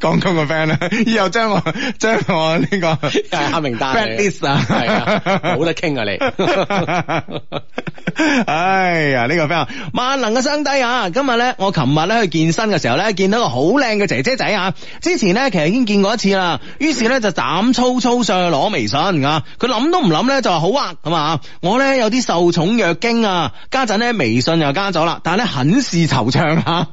講工嘅 friend 啊，又將我將我呢個黑名單 list 啊，係啊，冇得傾啊你。 哎呀，呢、這個 friend 萬能嘅聲底啊，今日咧我琴日咧去健身嘅時候咧見到個好靚嘅姐姐仔啊，之前咧其實已經見過一次啦，於是咧就膽粗粗上去攞微信啊，佢諗都唔諗咧就話好啊，咁啊，我咧有啲受寵若驚啊，家陣咧微信、啊加咗啦，但係咧很是惆悵啊，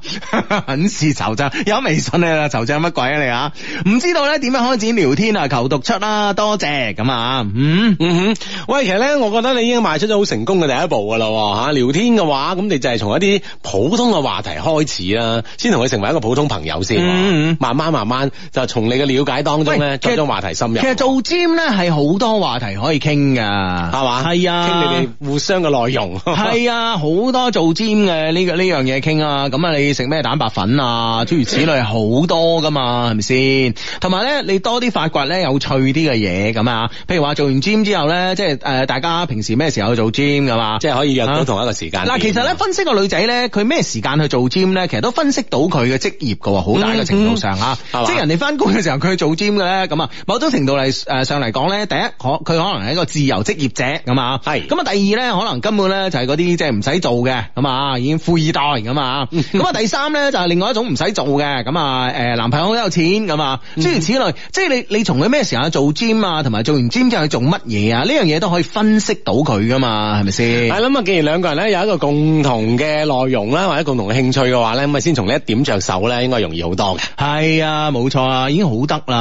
很是惆悵。有微信你啦，惆悵乜鬼啊你啊？唔知道咧點樣開始聊天啊？求讀出啦，多謝咁啊。嗯嗯哼、嗯，喂，其實咧，我覺得你已經邁出咗好成功嘅第一步噶啦吓。聊天嘅話，咁你就係從一啲普通嘅話題開始啦，先同佢成為一個普通朋友先。嗯、啊、慢慢慢慢就從你嘅了解當中咧，其喂中話題深入。其實做 gym 咧係好多話題可以傾噶，係嘛吧？係啊，傾你哋互相嘅內容。係 啊，好多做。 做 gym 嘅呢個呢樣嘢傾啊，咁啊你食咩蛋白粉啊？諸如此類好多噶嘛，係咪先？同埋咧，你多啲發掘咧有趣啲嘅嘢咁啊，譬如話做完 gym 之後咧，即係誒，大家平時咩時候去做 gym 噶嘛？即係可以約到同一個時間。嗱、啊，其實咧分析個女仔咧，佢咩時間去做 gym 呢？其實都分析到佢嘅職業噶，好大嘅程度上啊，嗯嗯嗯、即係人哋翻工嘅時候佢去做 gym 嘅咧，咁啊，某種程度嚟誒上嚟講咧，第一可佢可能係一個自由職業者咁啊，係咁啊，第二咧可能根本咧就係嗰啲即係唔使做嘅。咁啊，已經富二代咁啊，咁啊 第三咧就係、是、另外一種唔使做嘅，咁啊誒男朋友都有錢咁啊，諸、嗯、如此類，即係你你從佢咩時候做 gym 啊，同埋做完 gym 之後去做乜嘢啊？呢樣嘢都可以分析到佢噶嘛，係咪先？係啦，啊，既然兩個人咧有一個共同嘅內容啦，或者共同嘅興趣嘅話咧，咁啊先從呢一點着手咧，應該容易好多嘅。係啊，冇錯啊，已經好得啦吓，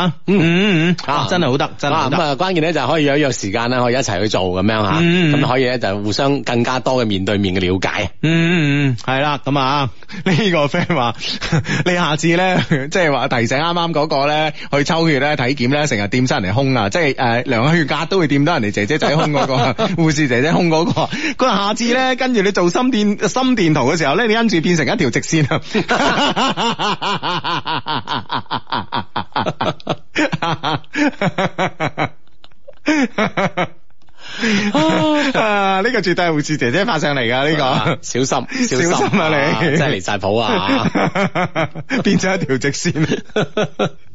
啊嗯，嗯，嗯、啊啊、真係好得，真係咁啊關鍵咧就係可以約約時間啦，可以一齊去做咁樣吓，咁、嗯嗯、可以咧就互相更加多嘅面對面嘅了。解嗯，嗯嗯，係啦，咁啊呢個 friend 話 你下次咧即係話提醒啱啱嗰個咧去抽血咧體檢咧成日掂晒人哋胸啊，即係誒量下血壓都會掂到人哋姐姐仔胸嗰個護 士姐姐，姐胸嗰個佢，話下次咧跟住你做心電心電圖嘅時候咧，你跟住變成一條直線啊 啊！呢、啊這個絕對係護士姐姐發上嚟噶，呢個、 啊、小心小心，小心啊你，真係離晒譜啊，啊 變咗一條直線。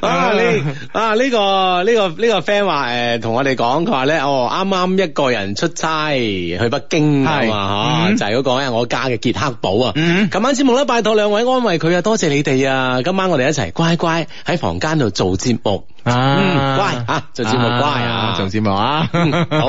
啊呢啊呢個呢個呢個 friend 話誒同我哋講，佢話咧，哦啱啱一個人出差去北京係嘛？嗬就係嗰個咧我家嘅杰克寶啊，琴晚節目咧拜託兩位安慰佢啊，多謝你哋啊。今晚我哋一齊乖乖喺房間度做節目啊，乖啊做節目，乖啊做節目啊，好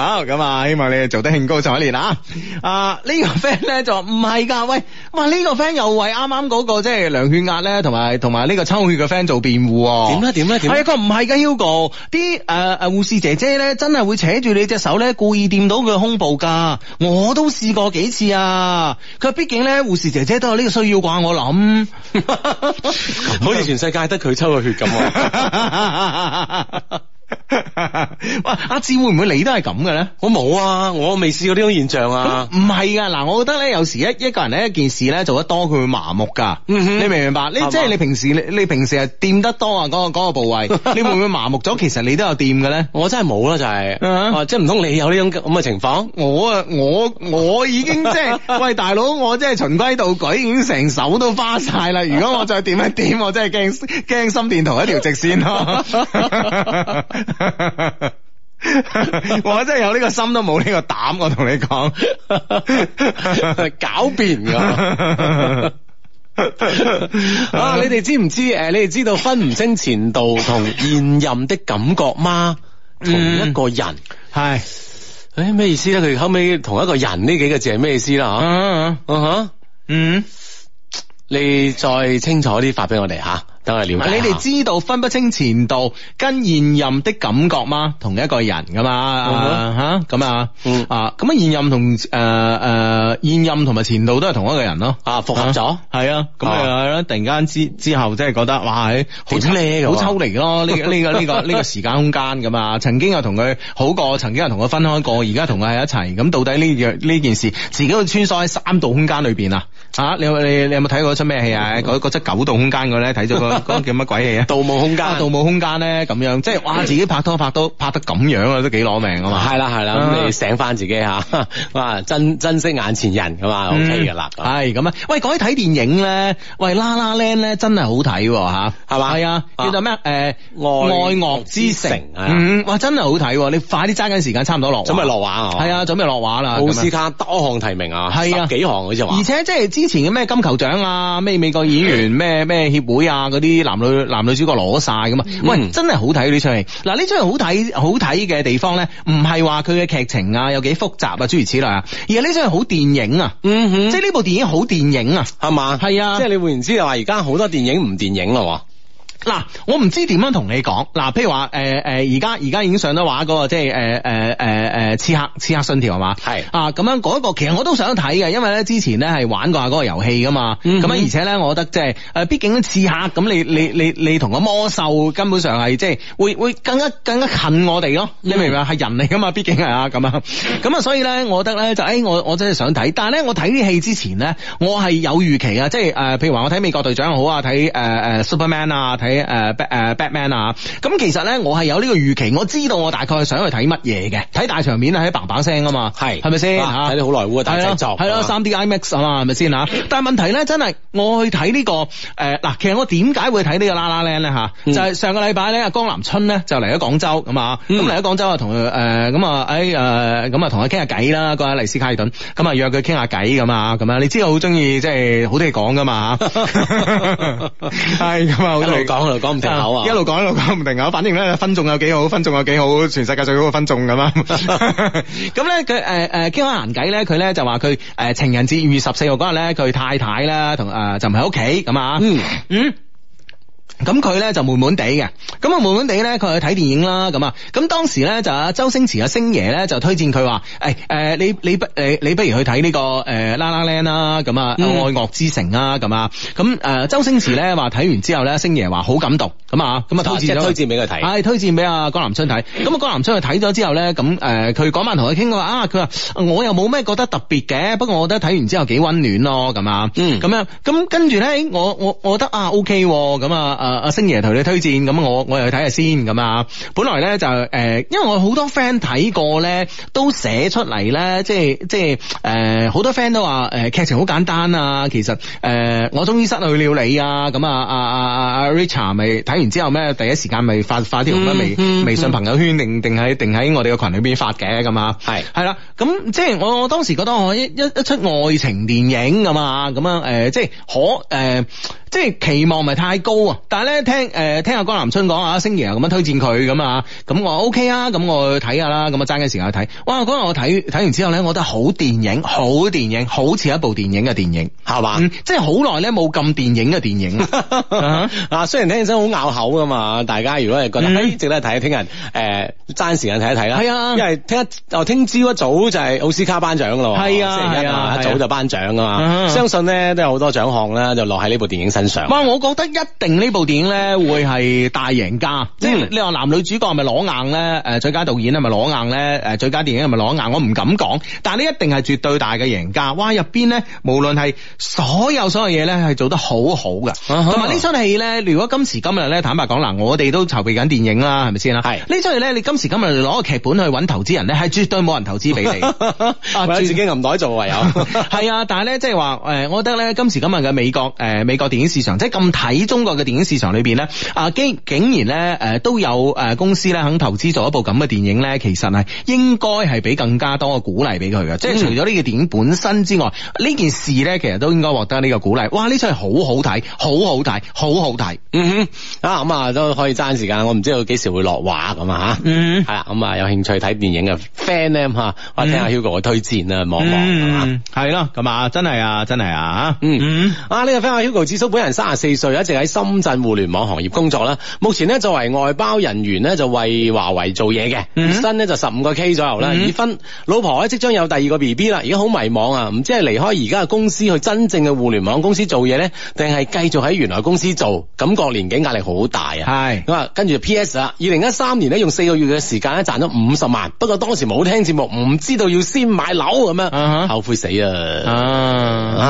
好咁希望你哋做得興高采烈啊。啊呢個 friend 咧就唔係噶，喂哇呢個 friend 又為啱啱嗰個即係梁圈亞。咧，同埋同埋呢個抽血嘅 friend 做辯護，點咧點咧，係一個唔係嘅 Hugo，啲誒誒護士姐姐咧，真係會扯住你隻手咧，故意掂到佢胸部噶，我都試過幾次啊。佢畢竟咧，護士姐姐都有呢個需要啩我諗， 好似全世界得佢抽個血咁，啊。 喂，阿志、啊、會唔會你都係咁嘅咧？我冇啊，我未試過呢種現象啊。唔係噶，嗱，我覺得咧，有時一一個人咧，一件事咧做得多，佢會麻木噶。嗯嗯，你明唔明白？你即係你平時你你平時係掂得多啊，嗰、嗰個、嗰個部位， 你會唔會麻木咗？其實你都有掂嘅咧。我真係冇咯，就係即係唔通你有呢種咁嘅情況？我啊，我我已經即係， 喂大佬，我真係循規蹈矩，已經成手都花晒啦。如果我再掂一掂，我真係驚驚心電圖一條直線咯、啊。 我真係有呢個心都冇呢個膽，我同你講，狡辯噶。 啊，你哋知唔知？誒，你哋知道分唔清前度同現任嘅感覺嗎？同一個人係，誒咩、嗯哎、意思咧？佢後尾同一個人呢幾個字係咩意思啦？嗬、啊啊啊，嗯嗯，你再清楚啲發俾我哋吓。都係了解。你哋知道分不清前度跟現任的感覺嗎？同一個人噶嘛，吓咁啊，啊咁啊，啊現任同誒誒、呃呃、現任同埋前度都係同一個人咯，啊複合咗，係啊，咁咪係咯，突然間之之後即係覺得哇，好、嗯、好，好抽離咯呢呢個呢、這個呢、這個這個時間空間噶嘛，曾經又同佢好過，曾經又同佢分開過，而家同佢喺一齊，咁到底呢樣呢件事，自己會穿梭喺三度空間裏邊啊？吓你有你你有冇睇過出咩戲啊？嗰嗰出《九度空間》嘅咧睇咗個叫乜鬼戲啊？《盜墓空間》《盜墓空間》咧咁樣，即係哇自己拍拖拍到拍得咁樣啊，都幾攞命啊嘛！係啦係啦，咁你醒翻自己吓，哇珍珍惜眼前人咁啊，OK 噶啦，係咁啊！喂，講起睇電影咧，喂啦啦靚咧，真係好睇吓，係嘛？係啊，叫做咩？誒，愛樂之城啊！嗯，哇真係好睇，你快啲揸緊時間，差唔多落，準備落畫啊！係啊，準備落畫啦！奧斯卡多項提名啊，係啊，幾項好而且即係之前嘅咩金球獎啊，咩美國演員咩咩協會啊，嗰啲男女男女主角攞晒咁啊！嗯、喂，真係好睇呢出戲。嗱，呢出戲好睇好睇嘅地方咧，唔係話佢嘅劇情啊有幾複雜啊諸如此類啊，而係呢出戲好電影啊。嗯哼，即係呢部電影好電影啊，係嘛？係啊，即係你換言之就話而家好多電影唔電影啦喎。嗱，我唔知點樣同你講，嗱 movie，譬如話，誒 in 誒 Asia shop，而家而家已經上咗畫個，即係，誒誒誒誒，刺客刺客信條係嘛？係啊，咁樣個其實我都想睇嘅，因為咧之前咧係玩過下個遊戲噶嘛，咁啊，而且咧我覺得即係，誒，畢竟刺客咁，你你你你同個魔獸根本上係即係會會更加更加近我哋咯，你明唔明？係人嚟噶嘛，畢竟係啊咁樣咁啊，所以咧，我覺得咧就誒，我我真係想睇，但係咧我睇啲戲之前咧，我係有預期啊，即係誒，譬如話我睇美國隊長好啊，睇誒誒 Superman 啊，睇。誒 b a t m a n 啊，咁其實咧，我係有呢個預期，我知道我大概想去睇乜嘢嘅，睇大場面，睇棒棒聲啊嘛，係係咪先睇啲好萊塢嘅大製作，係咯，三 d IMAX 啊嘛，係咪先吓？但係問題咧，真係我去睇呢個誒，嗱，其實我點解會睇 La La 呢個啦啦靚咧吓？Uh. 就係上個禮拜咧，江南春咧就嚟咗廣州，咁啊、uh.，咁嚟咗廣州啊，同誒咁啊，誒咁啊，同佢傾下偈啦，個喺麗斯卡爾頓，咁啊，約佢傾下偈咁啊，咁啊，你知道好中意即係好多嘢講噶嘛吓？係咁啊，一路講。我嚟講唔停口啊！一路講一路講唔停口，反正咧分眾有幾好，分眾有幾好，全世界最好嘅分眾咁樣。咁咧佢誒誒傾下閒偈咧，佢咧就話佢誒情人節二月十四號嗰日咧，佢太太啦同誒就唔喺屋企咁啊！嗯嗯。咁佢咧就悶悶地嘅，咁啊悶悶地咧佢去睇電影啦。咁啊，咁當時咧就阿周星馳阿星爺咧就推薦佢話：誒、哎、誒、呃，你你不你你不如去睇呢、這個誒《啦啦靚》啦 La La、呃，咁啊、嗯《愛樂之城》啊，咁啊咁誒。周星馳咧話睇完之後咧，星爺話好感動。咁啊，咁啊推薦咗，即係推薦俾佢睇，係推薦俾阿江南春睇。咁啊江南春去睇咗之後咧，咁誒，佢嗰晚同佢傾過，啊，佢話我又冇咩覺得特別嘅，不過我覺得睇完之後幾溫暖咯，咁啊，嗯，咁樣，咁跟住咧，我我我覺得啊，O K，咁啊，誒、okay, 誒、啊、阿星爺同你推薦，咁我我又去睇下先，咁啊，本來咧就誒，因為我好多 friend 睇過咧，都寫出嚟咧，即係即係誒，好、呃、多 friend 都話，誒、呃、劇情好簡單啊，其實誒、呃、我終於失去了你啊，咁啊啊啊啊 Richard 咪睇。然之後咧，第一時間咪發發條咁樣微微信朋友圈定定喺定喺我哋嘅群裏邊發嘅咁啊？係係啦，咁即係我我當時覺得我一一一出愛情電影咁啊咁樣誒、呃，即係可誒。呃即係期望咪太高啊！但係咧，聽誒、呃、聽阿江南春講啊，星爺又咁樣推薦佢咁、OK、啊，咁我 O K 啊，咁我去睇下啦，咁啊爭緊時間去睇。哇！嗰日我睇睇完之後咧，我覺得好電影，好電影，好似一部電影嘅電影，係嘛吧、嗯？即係好耐咧冇咁電影嘅電影啊！啊， 雖然聽起身好拗口噶嘛，大家如果係覺得，嗯、值得睇，聽日誒爭時間睇一睇啦。係啊，因為聽一哦，聽朝一早就係奧斯卡頒獎啦，係啊，星期一啊，一早就頒獎噶嘛，啊啊、相信咧都有好多獎項啦，就落喺呢部電影。哇、嗯！我覺得一定呢部電影咧會係大贏家，即係你話男女主角係咪攞硬咧？誒、呃、最佳導演咧係咪攞硬咧？誒、呃、最佳電影係咪攞硬？我唔敢講，但係呢一定係絕對大嘅贏家。哇！入邊咧，無論係所有所有嘢咧係做得好好㗎，同埋、啊啊、呢出戲咧，如果今時今日咧，坦白講嗱、呃，我哋都籌備緊電影啦，係咪先啦？係是呢出戲咧，你今時今日攞個劇本去揾投資人咧，係絕對冇人投資俾你，係自己銀袋做唯有。係啊，但係咧即係話誒，我覺得咧今時今日嘅美國誒、呃呃、美國電影。市場即係咁睇中國嘅電影市場裏邊咧，啊竟竟然咧誒、呃、都有誒公司咧肯投資做一部咁嘅電影咧，其實係應該係俾更加多嘅鼓勵俾佢嘅，即係除咗呢個電影本身之外，呢件事咧其實都應該獲得呢個鼓勵。哇！呢出係好好睇，好好睇，好好睇。嗯哼、嗯嗯，啊咁啊都可以爭時間，我唔知道幾時會落畫咁啊，吓。嗯係啦，咁啊有興趣睇電影嘅 fan 咧或者聽下 Hugo 嘅推薦啊，望望係嘛？咯，咁、嗯、啊真係是啊真係啊吓，嗯、uh, 啊呢個 fan 阿 Hugo 紫蘇人三十四歲，一直喺深圳互聯網行業工作啦。目前咧作為外包人員咧，就為華為做嘢嘅。Mm hmm. 薪咧就十五個 K 左右啦。已婚、mm hmm.，老婆咧即將有第二個 B B 啦。而家好迷茫啊，唔知係離開而家嘅公司去真正嘅互聯網公司做嘢咧，定係繼續喺原來公司做？感覺年紀壓力好大啊。係咁啊，跟住 P S 啦，二零一三年咧用四個月嘅時間咧賺咗五十萬，不過當時冇聽節目，唔知道要先買樓咁樣，uh huh. 後悔死啊！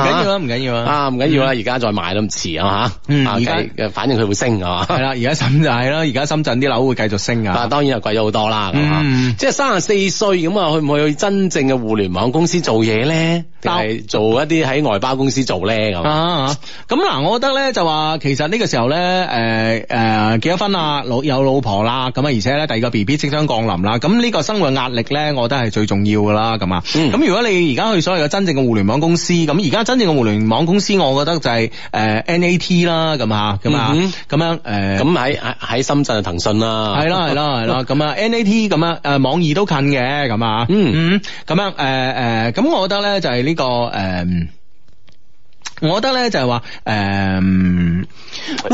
唔緊要啦，唔緊要啊，唔緊要啦，而、huh. 家再買都唔遲。Uh huh. 啊嗯，而家反正佢會升啊嘛，係啦。而家深就係咯，而家深圳啲樓會繼續升噶。啊，當然係貴咗好多啦。咁、嗯、即係三十四歲咁啊，去唔去真正嘅互聯網公司做嘢咧？定係但做一啲喺外包公司做咧？咁咁嗱，我覺得咧就話，其實呢個時候咧，誒、呃、誒，結咗婚啦，老有老婆啦，咁啊，而且咧第二個 B B 即將降臨啦，咁呢個生活壓力咧，我覺得係最重要噶啦。咁啊，咁、嗯、如果你而家去所謂嘅真正嘅互聯網公司，咁而家真正嘅互聯網公司，我覺得就係、是、誒。呃呃 NAT 啦，咁啊 N、嗯哼，咁啊，咁樣，誒、uh，咁喺喺深圳嘅騰訊啦，係啦，係啦，係啦，咁 啊，NAT 咁啊，誒，網易都近嘅，咁啊、嗯嗯，嗯，咁、嗯、樣，誒、嗯，誒，咁我覺得咧就係呢個，誒，我覺得咧就係話、這個，誒，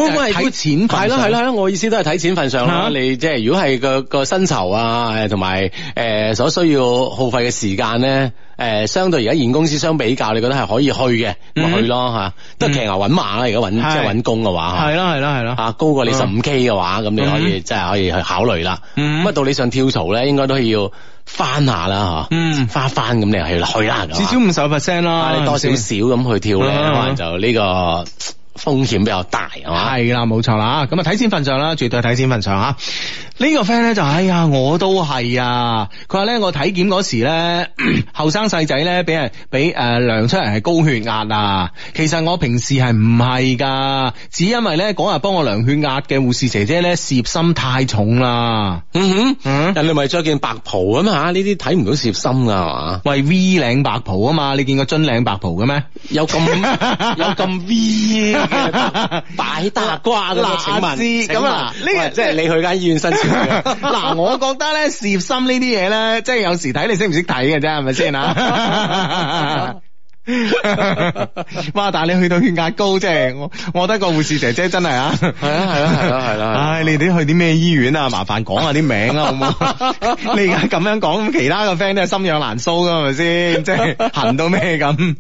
會唔會係睇錢，係啦，係啦，係啦，我、哎哎哎哎、我意思都係睇錢份上咯，啊、你即係如果係個個薪酬啊，同埋，誒、呃，所需要耗費嘅時間咧。誒，相對而家現公司相比較，你覺得係可以去嘅，咪去咯吓，都係騎牛搵馬啦，而家搵即係搵工嘅話，係啦係啦係啦，啊高過你十五 K 嘅話，咁你可以即係可以去考慮啦。乜道理上跳槽咧，應該都要翻下啦吓，翻翻咁你係去去啦，至少五十 percent 啦，多少少咁去跳咧，可能就呢個。風險比較大係嘛？係啦，冇錯啦，咁啊睇先份上啦，絕對睇先份上吓。呢個 friend 咧就哎呀，我都係啊。佢話咧我體檢嗰時咧，後生細仔咧俾人俾誒量出嚟係高血壓啊。其實我平時係唔係噶，只因為咧嗰日幫我量血壓嘅護士姐姐咧，事業心太重啦。嗯哼，嗯，人哋咪着件白袍啊嘛，呢啲睇唔到事業心啊嘛？喂，V 領白袍啊嘛，你見過樽領白袍嘅咩？ 有咁有咁 V？擺大 瓜嘅，嗱，請問，咁問啊，呢個喂是即係你去間醫院申請。嗱、 啊，我覺得咧，事業心呢啲嘢咧，即、就、係、是、有時睇你識唔識睇嘅啫，係咪先啊？ 哇！但係你去到血壓高，即係我我覺得個護士姐姐真係啊，係啊， 係啊，係啦係啦，唉、 哎！你哋去啲咩醫院啊？麻煩講下啲名啦，好唔好？ 你而家咁樣講，其他個 friend 都係心癢難搔噶，係咪先？即係痕到咩咁？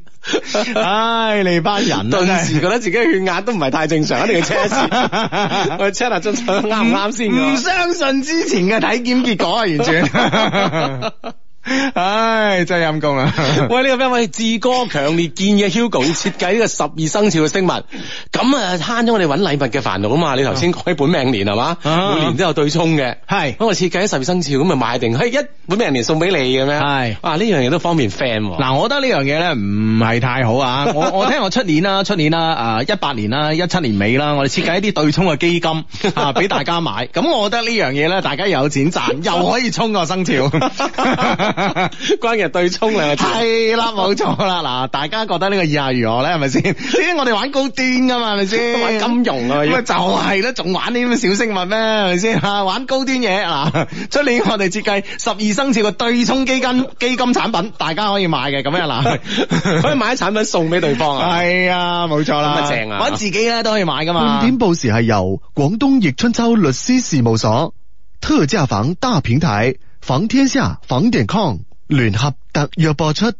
唉！你班人頓、啊、 時覺得自己血壓都唔係太正常，一定要 check， 我 check 下真啱唔啱先。唔 不相信之前嘅體檢結果啊，完全。唉，真係陰功啊！喂，呢個 friend 志哥強烈建議 Hugo 設計呢個十二生肖嘅飾物，咁啊慳咗我哋搵禮物嘅煩惱啊嘛！你頭先講喺本命年係嘛？啊、每年都有對沖嘅，係咁是、嗯、我設計啲十二生肖咁咪買定，嘿、哎、一本命年送俾你嘅咩？係啊，呢樣嘢都方便 friend。嗱、 啊，我覺得呢樣嘢咧唔係太好啊！ 我我聽我出年啦，出年啦，誒一八年啦，一七年尾啦、啊，我哋設計一啲對沖嘅基金啊，俾大家買。咁 我覺得呢樣嘢咧，大家又有錢賺又可以沖個、啊、生肖。 關於對沖嚟嘅，係啦，冇錯啦。嗱，大家覺得呢個意下如何咧？係咪先？我哋玩高端噶嘛，係咪先？玩金融啊，咁咪 就係咯，仲玩呢啲咁小生物咩？係咪先？啊，玩高端嘢啊！出 年我哋設計十二生肖嘅對沖基金基金產品， 大家可以買嘅。咁樣嗱，可以買啲產品送俾對方 啊？係啊，冇錯啦，咁正啊！玩自己咧都可以買噶嘛。嗯、點報時係由廣東易春秋律，律師事務所 特價房大平台。房天下房點抗聯合特約播出，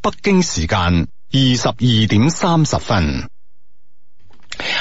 北京時間二十二點三十分。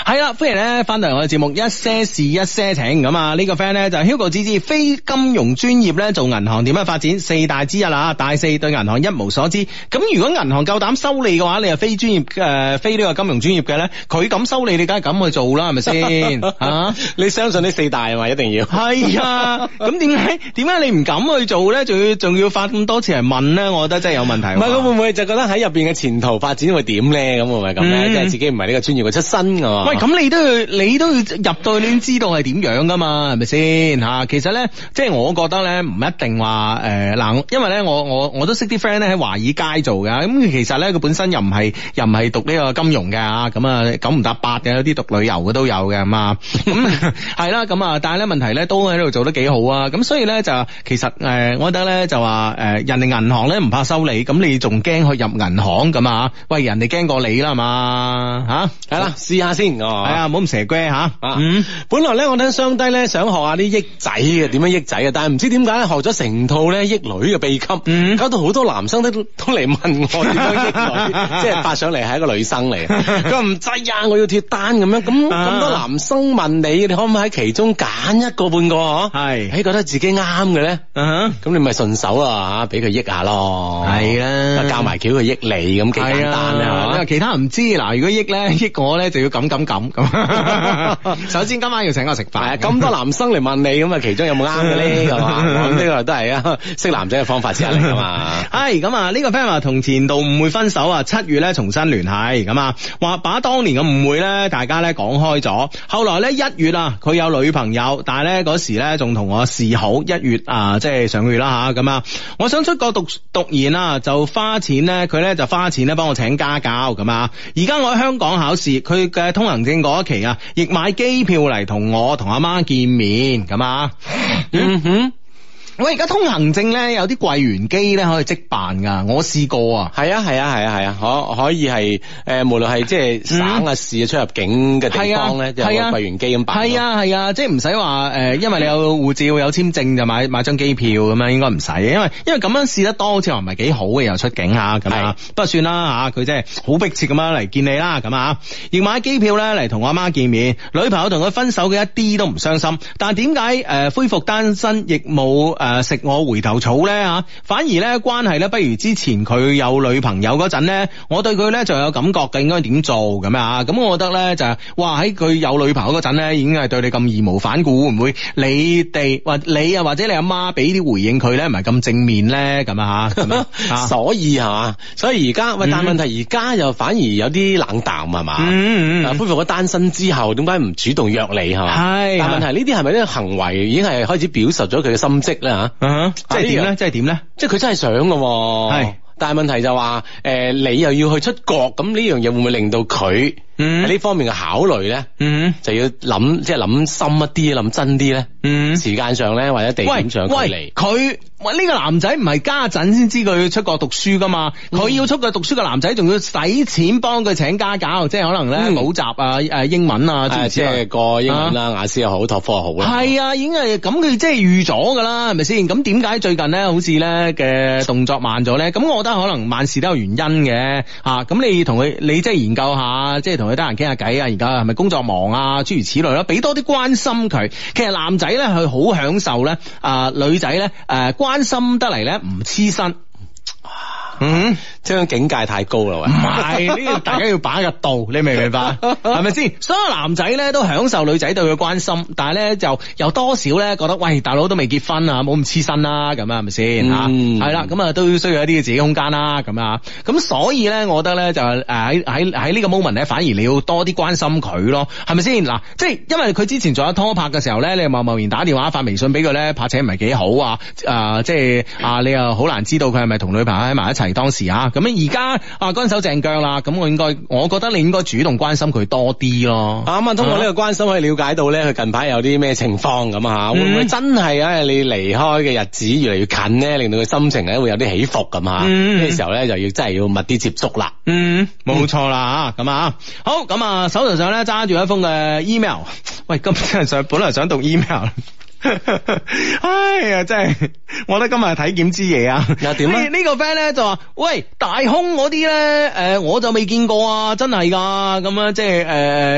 係啦，歡迎咧翻嚟我哋節目，一些事一些情咁啊！這個、呢個 friend 咧就是、Hugo 之之，非金融專業咧做銀行點樣發展四大之一啦，大四對銀行一無所知。咁如果銀行夠膽收你嘅話，你又非專業誒、呃，非呢個金融專業嘅咧，佢敢收你，你梗係敢去做啦，係咪先？吓、 啊，你相信呢四大係咪一定要？係 啊，咁點解點解你唔敢去做咧？仲要仲要發咁多次嚟問咧？我覺得真係有問題。唔係佢會唔會就覺得喺入邊嘅前途發展會點咧？咁會唔會咁咧？嗯、即係自己唔係呢個專業嘅出身。喂，咁你都要，你都要入到去，你先知道係點樣噶嘛，係咪先吓？其實咧，即係我覺得咧，唔一定話誒，嗱、呃，因為咧，我我我都識啲 friend 咧喺華爾街做嘅，咁其實咧，佢本身又唔係又唔係讀呢個金融嘅啊，咁啊九唔搭八嘅，有啲讀旅遊嘅都有嘅，係啊，咁係啦，咁啊， 但係咧問題咧都喺度做得幾好啊，咁所以咧就其實誒、呃，我覺得咧就話誒、呃，人哋銀行咧唔怕收你，咁你仲驚去入銀行咁啊？喂，人哋驚過你啦，係、啊、嘛？吓、啊，係啦、 啊，試下。先哦，係啊，唔好咁蛇龜嚇啊！本來咧，我睇商低咧想學下啲益仔嘅點樣益仔啊，但係唔知點解咧學咗成套咧益女嘅秘笈，搞到好多男生都都嚟問我點樣益女，即係發上嚟係一個女生嚟。佢唔制啊，我要脱單咁樣，咁咁多男生問你，你可唔可以喺其中揀一個半個？嗬，係，誒你覺得自己啱嘅咧，咁你咪順手啊嚇，俾佢益下咯，係啦，教埋幾句益你咁幾簡單啦，係嘛？其他人唔知嗱，如果益咧益我咧就要咁。咁咁咁， 首先今晚要請我食飯。 啊，咁多男生嚟問你咁啊，其中有冇啱嘅呢？咁呢個都係啊，識男仔嘅方法之一嚟㗎嘛。係咁啊，呢個 friend 話同前度唔會分手啊，七月咧重新聯繫咁啊，話把當年嘅誤會咧，大家咧講開咗。後來咧一月啊，佢有女朋友，但係咧嗰時咧仲同我示好。一月啊，即係上月啦嚇咁啊，我想出國讀讀研啊，就花錢咧，佢咧就花錢咧幫我請家教咁啊。而家我喺香港考試，佢嘅。通行證嗰一期啊，亦買機票嚟同我同阿媽見面咁啊，嗯哼。我而家通行證咧有啲櫃員機咧可以即辦噶，我試過啊。係啊係啊係啊係啊，啊，可可以係誒、呃，無論係即係省啊、嗯、市啊出入境嘅地方咧，有、啊、個櫃員機咁辦、啊。係啊係啊，即係唔使話誒，因為你有護照有簽證就買買張機票咁樣，應該唔使嘅。因為因為咁樣試得多，好似又唔係幾好嘅又出境啊咁啊，不過是算啦嚇，佢真係好迫切咁樣嚟見你啦咁啊。要買機票咧嚟同阿媽見面，女朋友同佢分手嘅一啲都唔傷心，但係點解誒恢復單身亦冇誒？誒，食我回頭草咧吓，反而咧關係咧不如之前佢有女朋友嗰陣咧，我對佢咧就有感覺嘅，應該點做咁啊？咁我覺得咧就係，哇喺佢有女朋友嗰陣咧，已經係對你咁義無反顧，會唔會你哋或你啊，或者你阿媽俾啲回應佢咧，唔係咁正面咧咁啊？吓、啊，咁樣，所以係嘛？啊、所以而家喂，但問題而家又反而有啲冷淡係嘛、嗯吧嗯？嗯嗯，恢復咗單身之後，點解唔主動約你係嘛？係，是但問題呢啲係咪啲行為已經係開始表述咗佢嘅心跡咧？Uh huh. 啊，即係點咧？即係點咧？即係佢真係想噶，係，但係問題就話、是，誒、呃，你又要去出國，咁呢樣嘢會唔會令到佢？呢、嗯、方面嘅考慮咧，嗯，就要諗即係諗深一啲，諗真啲咧。嗯，時間上咧或者地點上佢嚟，佢喂呢、這個男仔唔係家陣先知佢要出國讀書噶嘛？佢要出國讀書嘅、嗯、男仔仲要使錢幫佢請家教，即係可能咧補、嗯、習啊，誒，英文啊，即係個英文啦、啊，雅思又好，托福又好咧。係啊,啊，已經係咁，佢即係預咗噶啦，係咪先？咁點解最近咧好似咧嘅動作慢咗咧？咁我覺得可能萬事都有原因嘅，吓咁你同佢，你即係研究下，即係同。同佢得閒傾下偈啊，而家係咪工作忙啊？諸如此類啦，俾多啲關心佢。其實男仔咧，佢好享受咧，啊、呃、女仔咧，誒、呃、關心得嚟咧，唔黐身。嗯，即係境界太高啦喂，唔係呢個大家要把握度，你明唔明白？係咪先？所有男仔咧都享受女仔對佢嘅關心，但係咧就有多少咧覺得喂，大佬都未結婚啊，冇咁黐身啦，咁係咪先吓？係啦、嗯，咁啊都需要一啲嘅自己空間啦，咁啊，咁、嗯、所以咧，我覺得咧就誒喺喺喺呢個 moment 咧，反而你要多啲關心佢咯，係咪先？嗱，即係因為佢之前做咗拖拍嘅時候咧，你又貿貿然打電話發微信俾佢咧怕且唔係幾好啊？誒、呃，即係啊，你又好難知道佢係咪同女朋友喺埋一齊。當時啊，咁啊而家啊，分手正姜乾手淨腳啦，咁我應該，我覺得你應該主動關心佢多啲咯。咁啊，通過呢個關心可以了解到咧，佢近排有啲咩情況咁啊。會唔會真係啊？你離開嘅日子越嚟越近咧，令到佢心情咧會有啲起伏咁啊。呢個時候咧就要真係要密啲接觸啦。嗯，冇錯啦，咁啊好，咁啊手頭上咧揸住一封嘅 email，喂，今日想本來想讀 email。哎呀，真係！我覺得今日體檢之夜啊，又點咧？呢個 friend 咧就話，喂，大胸嗰啲咧，誒，我就未見過啊，真係噶咁樣！即係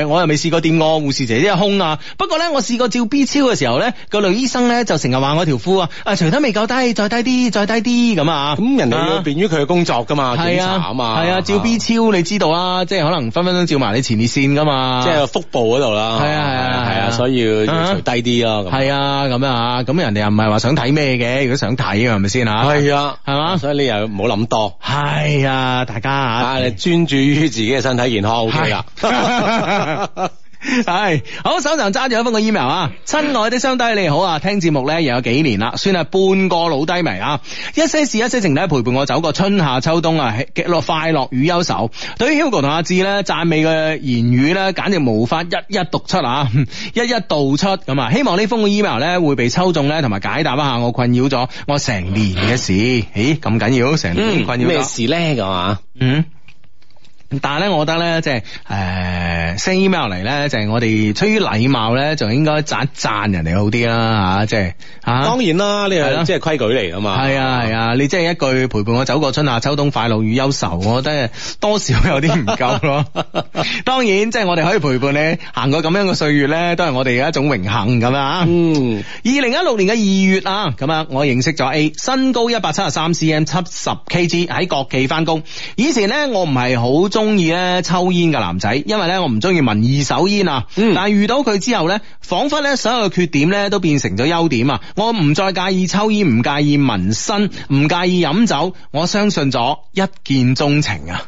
誒我又未試過掂過護士姐姐胸啊。不過咧，我試過照 B 超嘅時候咧，個女醫生咧就成日話我條褲啊，啊，除得未夠低，再低啲，再低啲咁啊！咁人哋要便於佢嘅工作噶嘛，檢查啊嘛，係啊，照 B 超你知道啦，即係可能分分鐘照埋你前列腺噶嘛，即係腹部嗰度啦，係啊係啊係啊，所以要除低啲咯，係啊。啊咁啊吓，咁人哋又唔係話想睇咩嘅，如果想睇嘅係咪先吓？係啊，係嘛、啊，所以你又唔好諗多。係持人啊，大家吓、啊，你專、啊啊、注於自己嘅身體健康。O K 啦。持人持人係、哎、好，手上揸住一封嘅 email 啊，親愛的雙低你好啊，聽節目咧又有幾年啦，算係半個老低迷啊，一些事一些情咧陪伴我走過春夏秋冬啊，極樂快樂與憂愁，對於 Hugo 同阿志咧讚美嘅言語咧簡直無法一一讀出啊，一一道出咁啊，希望呢封嘅 email 咧會被抽中咧，同埋解答一下我困擾咗我成年嘅事，咦，咁緊要？成年困擾咩事咧咁啊，嗯。哎但係咧，我覺得咧，即係誒，send email 嚟咧，就係我哋出於禮貌咧，就是、應該讚讚人哋好啲啦，吓、啊，即係吓。當然啦，你係、啊、即係規矩嚟㗎嘛。係啊係啊，啊，你即係一句陪伴我走過春夏秋冬，快樂與憂愁， 我覺得多少有啲唔夠咯。 當然，即、就、係、是、我哋可以陪伴你行過咁樣嘅歲月咧，都係我哋一種榮幸咁啊。嗯。二零一六年嘅二月啊，咁啊，我認識咗 A，身高一百七十三 cm，七十 kg，喺國企翻工。以前咧，我唔係好中。.中意咧抽煙嘅男仔，因為咧我唔中意聞二手煙啊。但係遇到佢之後呢，仿佛呢所有嘅缺點呢都變成咗優點啊！我唔再介意抽煙，唔介意紋身，唔介意飲酒。我相信咗一見鍾情啊！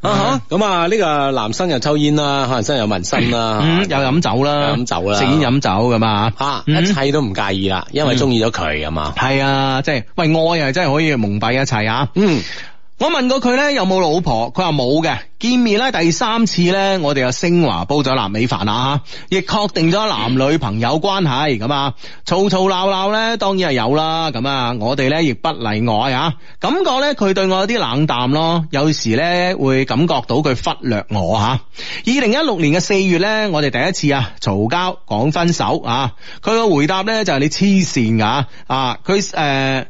啊咁啊，呢個男生又抽煙啦，可能身有紋身啦，又飲酒啦，飲酒啦，食煙飲酒噶嘛，嗯、啊，一切都唔介意啦，因為中意咗佢噶嘛。係、嗯、啊，嗯、即係喂，愛啊真係可以蒙蔽一切啊！嗯。嗯。我問過佢呢，有冇老婆？佢話冇嘅。見面呢，第三次呢，我哋阿升華煲咗南美飯啊，吓，亦確定咗男女朋友關係。咁啊，吵吵鬧鬧呢，當然係有啦。咁啊，我哋呢，亦不例外啊。感覺呢，佢對我有啲冷淡咯。有時呢，會感覺到佢忽略我吓。二零一六年嘅四月呢，我哋第一次啊，嘈交講分手啊。佢個回答呢，就係，就係你黐線㗎啊！啊，佢誒。呃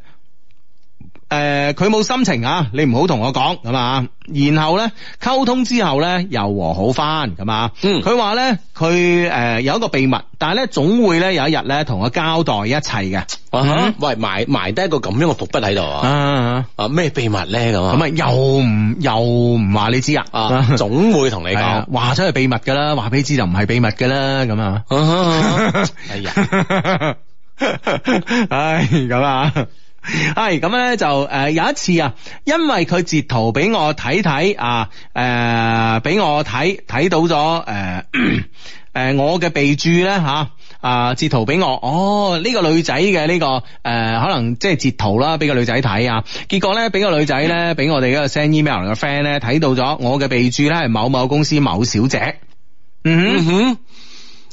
誒，佢冇、嗯、心情啊，你唔好同我講咁啊。然後咧，溝通之後咧，又和好翻咁啊。嗯，佢話咧，佢誒有一個秘密，但係咧，總會咧有一日咧同我交代一切嘅。喂、uh huh. 嗯，埋埋低一個咁樣嘅伏筆喺度啊。Uh huh. 啊咩秘密咧？咁咁啊，又唔又唔話你知啊？啊，總會同你講，話、uh huh. 啊、出去秘密噶啦，話俾你知就唔係秘密噶啦。咁啊，啊、uh huh. 哎呀，唉，咁啊、哎。係咁咧，就誒、呃、有一次啊，因為佢截圖俾我睇睇啊，誒、呃、俾我睇睇到咗誒誒我嘅備注咧吓啊，截圖俾我哦呢、這個女仔嘅呢個誒、呃、可能即係截圖啦，俾個女仔睇啊。結果咧俾個女仔咧俾我哋嗰個 send email 嚟嘅 friend 咧睇到咗我嘅備注咧係某某公司某小姐，嗯哼。嗯哼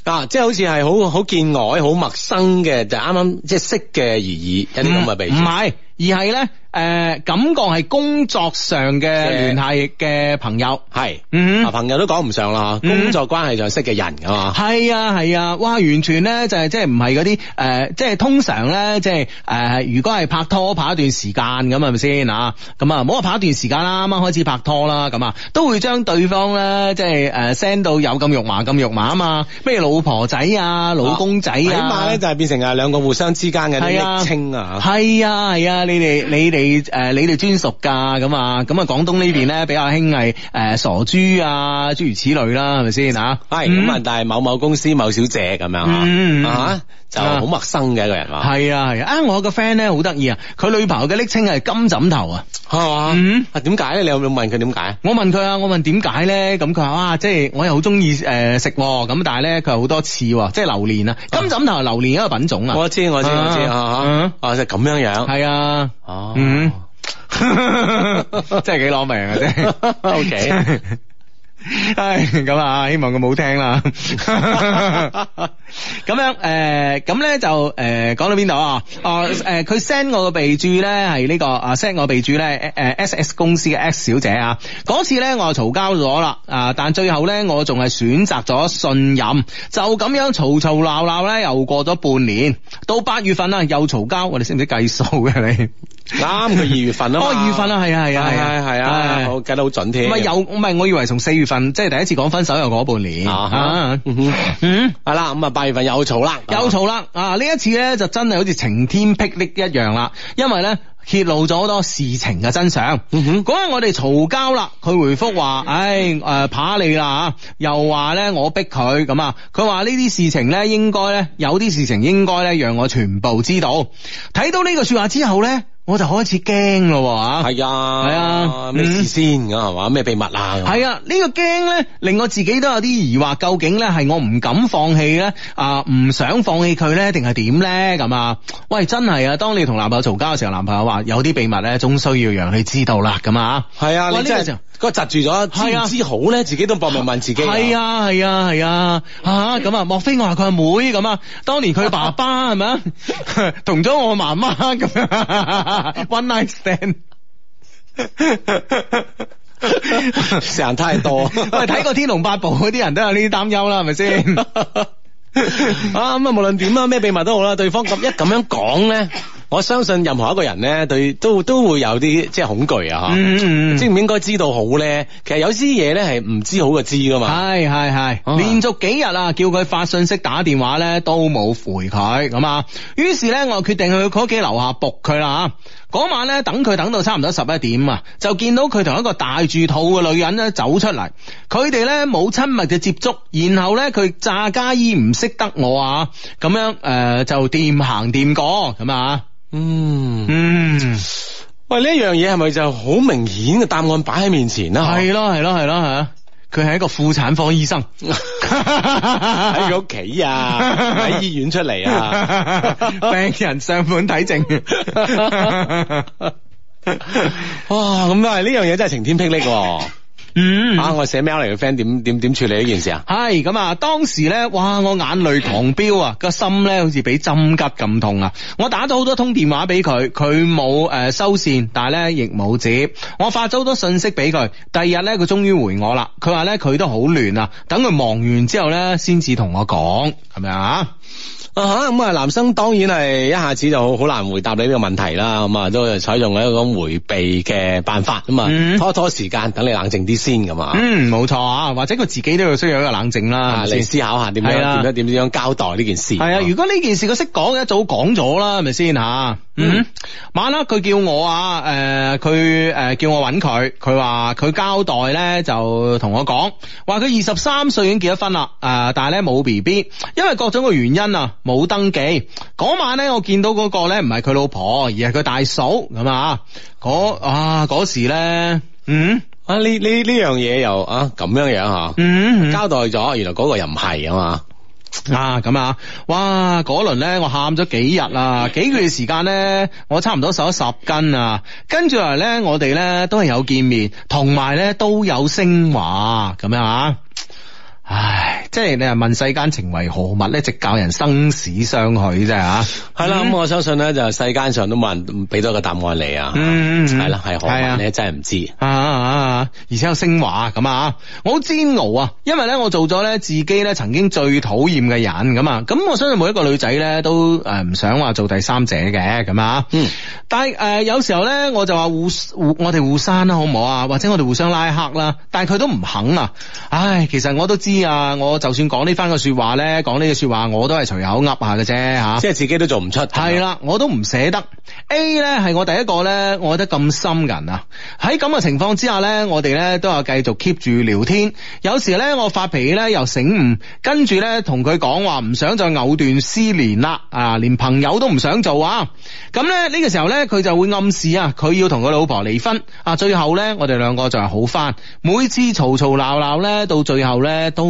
啊，即係好似係好好見外、好陌生嘅，就啱啱即係識嘅、嗯、而已，有啲咁嘅比喻。唔係而係咧。誒，感覺係工作上嘅聯繫嘅朋友，係是，嗯、mm，hmm. 朋友都講唔上啦，mm hmm. 工作關係上識嘅人噶嘛，係啊係啊，哇，完全咧就係即係唔係嗰啲，誒，即係、呃、通常咧、就是，即係，誒，如果係拍拖拍一段時間咁係咪先啊？咁啊，唔好話拍一段時間啦，啱、啊、啱開始拍拖啦，咁啊，都會將對方咧，即、就、係、是，誒、啊、，send 到有咁肉麻咁肉麻啊嘛，咩老婆仔啊，老公仔、啊啊、起碼咧就係變成啊，兩個互相之間嘅昵稱啊，係啊係啊，啊，啊，啊，你哋你哋。你你誒，你哋專屬噶咁啊，咁啊廣東呢邊咧比較興係誒傻豬啊，諸如此類啦，係咪先吓？係咁啊，但係某某公司某小姐咁樣吓。嗯，啊。就好陌生嘅一個人啊。係啊係啊，我個 friend 咧好得意啊，佢女朋友嘅昵稱係金枕頭啊，係、啊、嘛，啊點解咧？你有冇問佢點解啊？我問佢啊，我問點解咧？咁佢話啊，即係我又好中意誒食，咁但係咧佢係好多次，即係榴蓮啊，金枕頭係榴蓮一個品種啊，我知、啊、我知我知啊，啊，啊就咁樣樣，係、嗯、啊，哦、就是，啊啊、嗯， 真係幾攞命啊。啫，O K。係咁啊，希望佢冇聽啦。咁樣誒，咁咧就誒講到邊度啊？哦誒，佢 send 我嘅備注咧係呢個啊 send 我備注咧誒 S S 公司嘅 X 小姐啊。嗰次咧我就嘈交咗啦啊，但最後咧我仲係選擇咗信任，就咁樣嘈嘈鬧鬧咧又過咗半年，到八月份啊又嘈交。我哋識唔識計數嘅你啱佢二月份咯，二月份啊係啊係啊係啊係啊，我計得好準添。唔係又唔係，我以為從四月。份即係第一次講分手又過咗半年，係啦，咁啊八月份又嘈啦，又嘈啦啊呢一次咧就真係好似晴天霹靂一樣啦，因為咧揭露咗好多事情嘅真相。嗰、嗯、哼日我哋嘈交啦，佢回覆話：，唉誒斗、哎呃，怕你啦又話咧我逼佢咁啊，佢話呢啲事情咧應該咧有啲事情應該咧讓我全部知道。睇到呢個說話之後咧。我就開始驚咯，吓係啊，係啊，咩事先咁係嘛？咩秘密啊？係啊，呢個驚咧令我自己都有啲疑惑，究竟咧係我唔敢放棄咧，啊唔想放棄佢咧，定係點咧？咁啊，喂，真係啊，當你同男朋友嘈交嘅時候，男朋友話有啲秘密咧，終需要讓你知道啦，咁啊，係啊，你真係嗰個窒住咗，知唔知好咧，自己都搏命問自己，係啊，係啊，係啊，啊咁啊，莫非我係佢阿妹咁啊？當年佢爸爸係咪啊，同咗我媽媽咁樣。One night stand，諗太多。喂，睇過《天龍八部》嗰啲人都有呢啲擔憂啦，係咪先？啊咁 啊，無論點啊，咩秘密都好啦。 對方咁一咁樣講咧，我相信任何一個人咧，對都都會有啲即係恐懼啊，嗬、嗯。嗯嗯嗯。應唔應該知道好咧？其實有啲嘢咧係唔知好就知噶嘛。係係係。 連續幾日啊，叫佢發信息打電話咧，都冇回佢咁啊。於是咧，我決定去佢屋企樓下撲佢啦啊。嗰晚咧，等佢等到差唔多十一點啊，就見到佢同一個大住肚嘅女人咧走出嚟，佢哋咧冇親密嘅接觸，然後咧佢詐假意唔識得我啊，咁樣誒、呃、就掂行掂過咁啊，嗯嗯，嗯喂，呢樣嘢係咪就好明顯嘅答案擺喺面前啊，係咯係咯係咯吓。佢係一個婦產科醫生，喺佢屋企啊，喺 醫院出嚟啊， 病人上門睇症。 哇，咁都係呢樣嘢，這個，真係晴天霹靂喎！嗯、啊，我寫 mail 嚟嘅 friend 點點點處理呢件事啊？係咁啊，當時呢，哇，我眼淚狂飆啊，個心呢好似俾針吉咁痛啊！我打咗好多通電話俾佢，佢冇誒收線，但係呢亦冇接。我發咗好多信息俾佢，第二日呢，佢終於回我啦。佢話呢，佢都好亂啊，等佢忙完之後呢，先至同我講，係咪啊？啊哈！咁、嗯、啊，男生當然係一下子就好好難回答你呢個問題啦。咁啊，都採用一個回避嘅辦法咁啊，拖拖時間等你冷靜啲先咁啊。嗯，冇錯啊、嗯嗯、啊，或者佢自己都要需要一個冷靜啦，啊、你思考下點樣點、啊、樣點樣，樣交代呢件事。係啊，啊，啊，如果呢件事佢識講，一早講咗啦，係咪先吓？嗯，晚黑佢叫我啊，誒、呃，佢誒叫我搵佢，佢話佢交代咧就同我講，話佢二十三歲已經結咗婚啦，誒、呃，但係咧冇 B B，因為各種嘅原因啊。冇登記嗰晚咧，我見到嗰個咧唔係佢老婆，而係佢大嫂咁啊！嗰啊嗰時咧，嗯啊呢呢呢樣嘢又啊咁樣樣吓，嗯，嗯交代咗，原來嗰個又唔係啊嘛啊咁啊！哇嗰輪咧，我喊咗幾日啦，幾個月時間咧，我差唔多瘦咗十斤啊！跟住落嚟咧，我哋咧都係有見面，同埋咧都有升華咁樣啊！唉，即係你係問世間情為何物咧，直教人生死相許啫吓。係、啊、啦，咁、嗯、我相信咧就世間上都冇人俾到一個答案你啊。嗯嗯嗯。係啦、啊，係何物真係唔知啊，啊，啊而且有升華咁啊，我好煎熬啊，因為咧我做咗咧自己咧曾經最討厭嘅人咁啊。咁我相信每一個女仔咧都誒唔想話做第三者嘅咁啊。嗯。但係誒、呃、有時候咧我就話互互我哋互刪啦好唔好啊？或者我哋互相拉黑啦。但係佢都唔肯啊。唉，其實我都知。啊！我就算講呢番嘅說話呢，講呢嘅說話我都係隨口噏下嘅啫吓，即係自己都做唔出。係啦，我都唔捨得。A 呢係我第一個咧，愛得咁深人啊！喺咁嘅情況之下呢，我哋呢都有繼續 keep 住聊天。有時呢，我發脾氣呢又醒悟，跟住呢同佢講話唔想再藕斷絲連啦啊！連朋友都唔想做啊！咁呢，呢個時候呢，佢就會暗示啊，佢要同佢老婆離婚啊！最後呢，我哋兩個就係好翻。每次嘈嘈鬧鬧呢，到最後呢。都。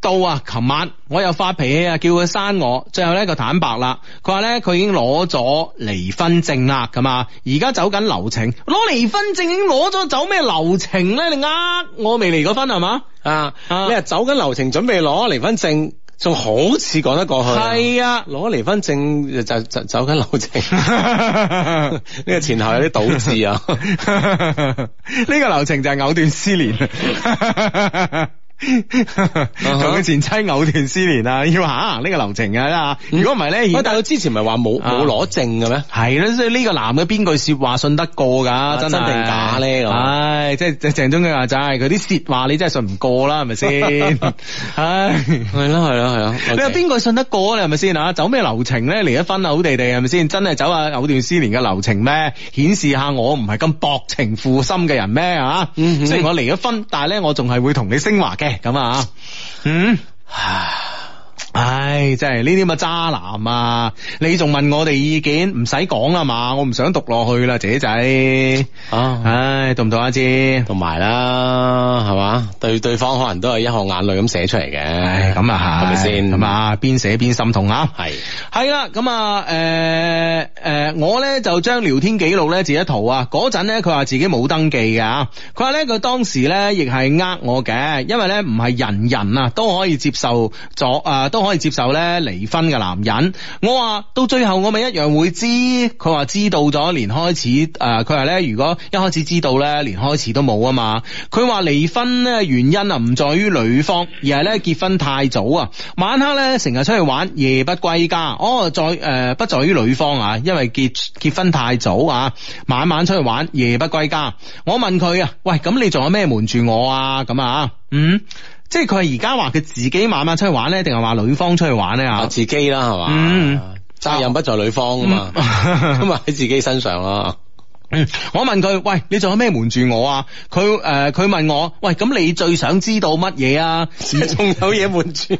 到啊！琴晚我又發脾氣啊，叫佢刪我。最後咧，就坦白啦，佢話咧佢已經攞咗離婚證啦，咁啊，而家走緊流程，攞離婚證已經攞咗，走咩流程咧？你呃我，我未離過婚係嘛？啊你係走緊流程準備攞離婚證，仲好似講得過去？係啊，攞離婚證就就，就走緊流程。呢 個前後有啲倒置啊！呢 個流程就係藕斷絲連。 同 佢前妻藕斷絲連啊，要行呢、啊這個流程啊，真如果唔係咧，但係大佬之前唔係話冇冇攞證嘅咩？係啦、啊，所以呢個男嘅邊句說話信得過噶？真定、啊、假咧？唉、哎，即係鄭中基話齋，佢啲說話你真係信唔過啦，係咪先？唉、 哎，係啦係啦係啦。Okay. 你話邊個信得過你？係咪先啊？走咩流程咧？離咗婚啊，好地地係咪先？真係走下藕斷絲連嘅流程咩？顯示下我唔係咁薄情負心嘅人咩？啊，雖然、嗯、哼我離咗婚，但係咧我仲係會同你昇華嘅。咁啊，嗯。唉、哎，真係呢啲咁渣男啊！你仲問我哋意見，唔使講啊嘛，我唔想讀落去讀啦，姐仔啊，唉，讀唔讀啊？知讀埋啦，係嘛？對對方可能都係一行眼淚咁寫出嚟嘅，咁啊係，係咪先？咁啊，邊寫邊心痛啊？係係啦，咁啊，誒誒，我咧就將聊天記錄咧截咗圖啊。嗰陣咧，佢話自己冇登記嘅啊。佢話咧佢當時咧亦係呃我嘅，因為咧唔係人人啊都可以接受咗啊，都可以接受。咧離婚嘅男人，我話到最後我咪一樣會知，佢話知道咗連開始，誒佢話咧如果一開始知道咧，連開始都冇啊嘛。佢話離婚咧原因啊唔在於女方，而係咧結婚太早啊。晚黑咧成日出去玩，夜不歸家。哦，在誒、呃、不在於女方啊，因為結結婚太早啊，晚晚出去玩，夜不歸家。我問佢啊，喂，咁你仲有咩瞞住我啊？咁啊，嗯。即係佢係而家話佢自己晚晚出去玩咧，定係話女方出去玩咧啊？自己啦係嘛？嗯，責任不在女方啊嘛，咁啊喺自己身上咯。嗯，我問佢：喂，你仲有咩瞞住我啊？佢誒，佢、呃、問我：喂，咁你最想知道乜嘢啊？始終 有嘢瞞住。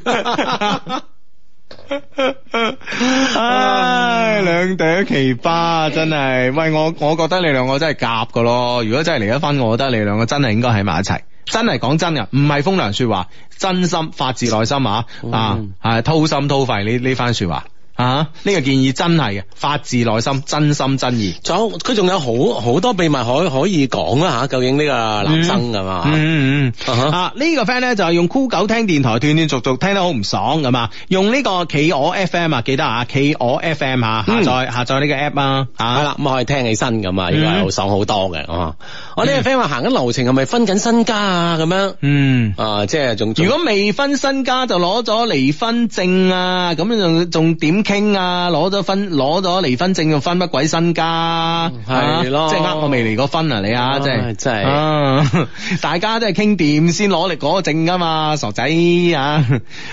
唉，兩朵奇葩真係。喂，我我覺得你兩個真係夾噶咯。如果真係離咗婚，我覺得你兩個真係應該喺埋一齊。真係講真噶，唔係風涼說話，真心發自內心啊，係掏心掏肺呢呢番說話啊，呢個建議真係嘅，發自內心，真心真意。仲有佢仲有好好多秘密可可以講啊吓，究竟呢個男生咁啊？嗯嗯啊，呢個 friend 咧就係用酷狗聽電台，斷斷續續聽得好唔爽咁啊。用呢個企鵝 FM 啊記得啊，企鵝 FM 啊下載下載呢個 app 啊，係啦咁可以聽起身咁啊，應該係好爽好多嘅。我呢個 friend 話行緊流程係咪分緊身家啊？咁樣，嗯，啊，即係仲如果未分身家就攞咗離婚證啊？咁、嗯、樣仲仲點傾啊？攞咗分攞咗離婚證就分乜鬼身家？係咯，啊、即係我未離過婚啊？你啊，真係真係，大家都係傾掂先攞嚟嗰個證噶、啊、嘛，傻仔啊！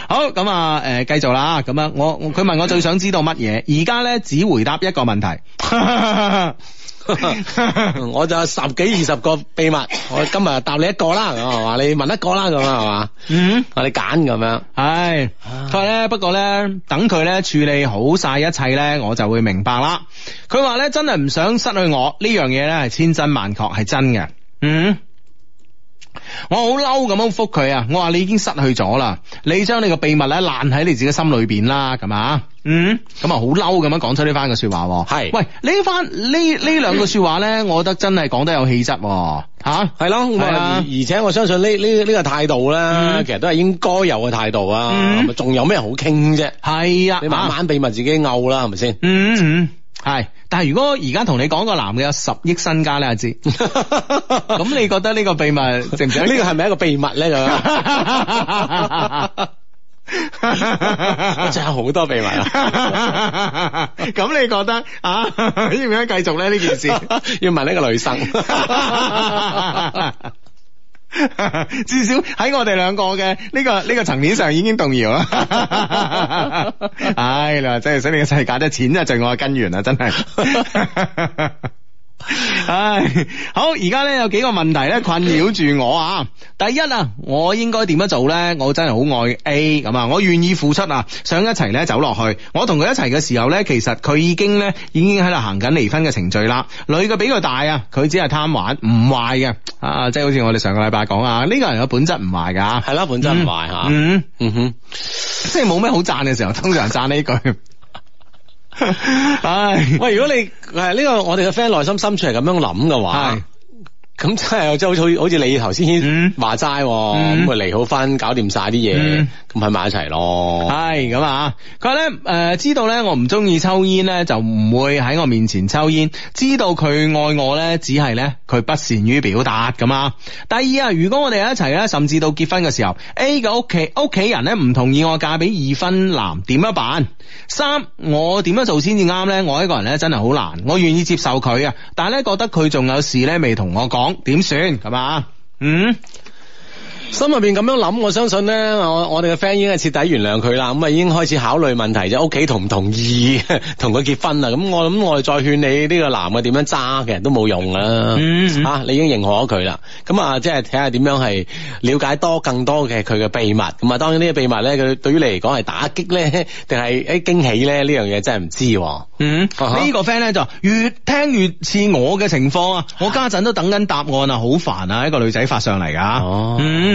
好，咁啊，誒、呃，繼續啦，咁樣，咁樣我佢問我最想知道乜嘢，而家咧只回答一個問題。 我就十幾二十個秘密，我今日答你一個啦，話你問一個啦咁樣係嘛？嗯，mm hmm. 我你揀咁樣，唉， 佢話咧，不過咧，等佢咧處理好晒一切咧，我就會明白啦。佢話咧，真係唔想失去我呢樣嘢咧，係千真萬確係真嘅。嗯、mm。Hmm. 我好嬲咁樣覆佢啊！我話你已經失去咗啦，你將你個秘密咧爛喺你自己心裏邊啦，係嘛？嗯，咁啊好嬲咁樣講出呢番是個說話。係喂，呢番呢呢兩個說話咧，我覺得真係講得有氣質吓，係咯。而且我相信呢呢呢個態度咧，其實都係應該有嘅態度啊。咁仲、嗯、有咩好傾啫？係啊的，你慢慢秘密自己嘔啦，係咪先？嗯嗯。嗯係，但係如果而家同你講個男嘅，有十億身家咧，阿、就是、知，咁你覺得呢個秘密值唔值？呢個係咪一個秘密咧就？仲有好多秘密，咁、 嗯、 你覺得啊？點樣繼續咧？呢件事 要問呢個女生。 至少喺我哋兩個嘅呢、呢個呢、呢個層面上已經動搖啦。唉 啦，真係使你嘅世界得錢真係我嘅根源啊，真係。真 唉，好，而家咧有幾個問題咧困擾住我啊！第一啊，我應該點樣做呢？我真係好愛 A 咁啊，我願意付出啊，想一齊咧走落去。我同佢一齊嘅時候呢，其實佢已經呢，已經喺度行緊離婚嘅程序啦。女嘅比佢大啊，佢只係貪玩，唔壞嘅啊，即係好似我哋上個禮拜講啊，呢、呢個人嘅本質唔壞噶，係啦、嗯，本質唔壞吓，嗯嗯哼，即係冇咩好讚嘅時候，通常讚呢句。 唉，喂，如果你係呢、這個我哋嘅 friend，內心深處係咁樣諗嘅話，係。咁真係，真、嗯、好似好似你頭先話齋，咁啊離好婚搞掂晒啲嘢，咁喺埋一齊咯。係咁啊，佢話咧，誒、呃，知道咧我唔中意抽煙咧，就唔會喺我面前抽煙。知道佢愛我咧，只係咧佢不善於表達噶嘛。第二啊，如果我哋一齊咧，甚至到結婚嘅時候，A 嘅屋企屋企人咧唔同意我嫁俾二婚男，點樣辦？三，我點樣做先至啱咧？我一個人咧真係好難，我願意接受佢啊，但係咧覺得佢仲有事咧未同我講。點算咁啊？嗯。心入邊咁樣諗，我相信咧，我我哋嘅 friend 已經係徹底原諒佢啦，咁啊已經開始考慮問題就屋企同唔同意同佢 結婚啦。咁我諗我哋再勸你呢個男嘅點樣揸嘅都冇用啦。吓、嗯嗯啊，你已經認可咗佢啦，咁啊即係睇下點樣係了解多更多嘅佢嘅秘密。咁啊，當然呢個秘密咧，佢對於你嚟講係打擊咧，定係誒驚喜咧？呢樣嘢真係唔知、啊。嗯，呢、啊啊、個 friend 咧就越聽越似我嘅情況啊！我家陣都在等緊答案啊，好煩啊！一個女仔發上嚟噶。哦、嗯。嗯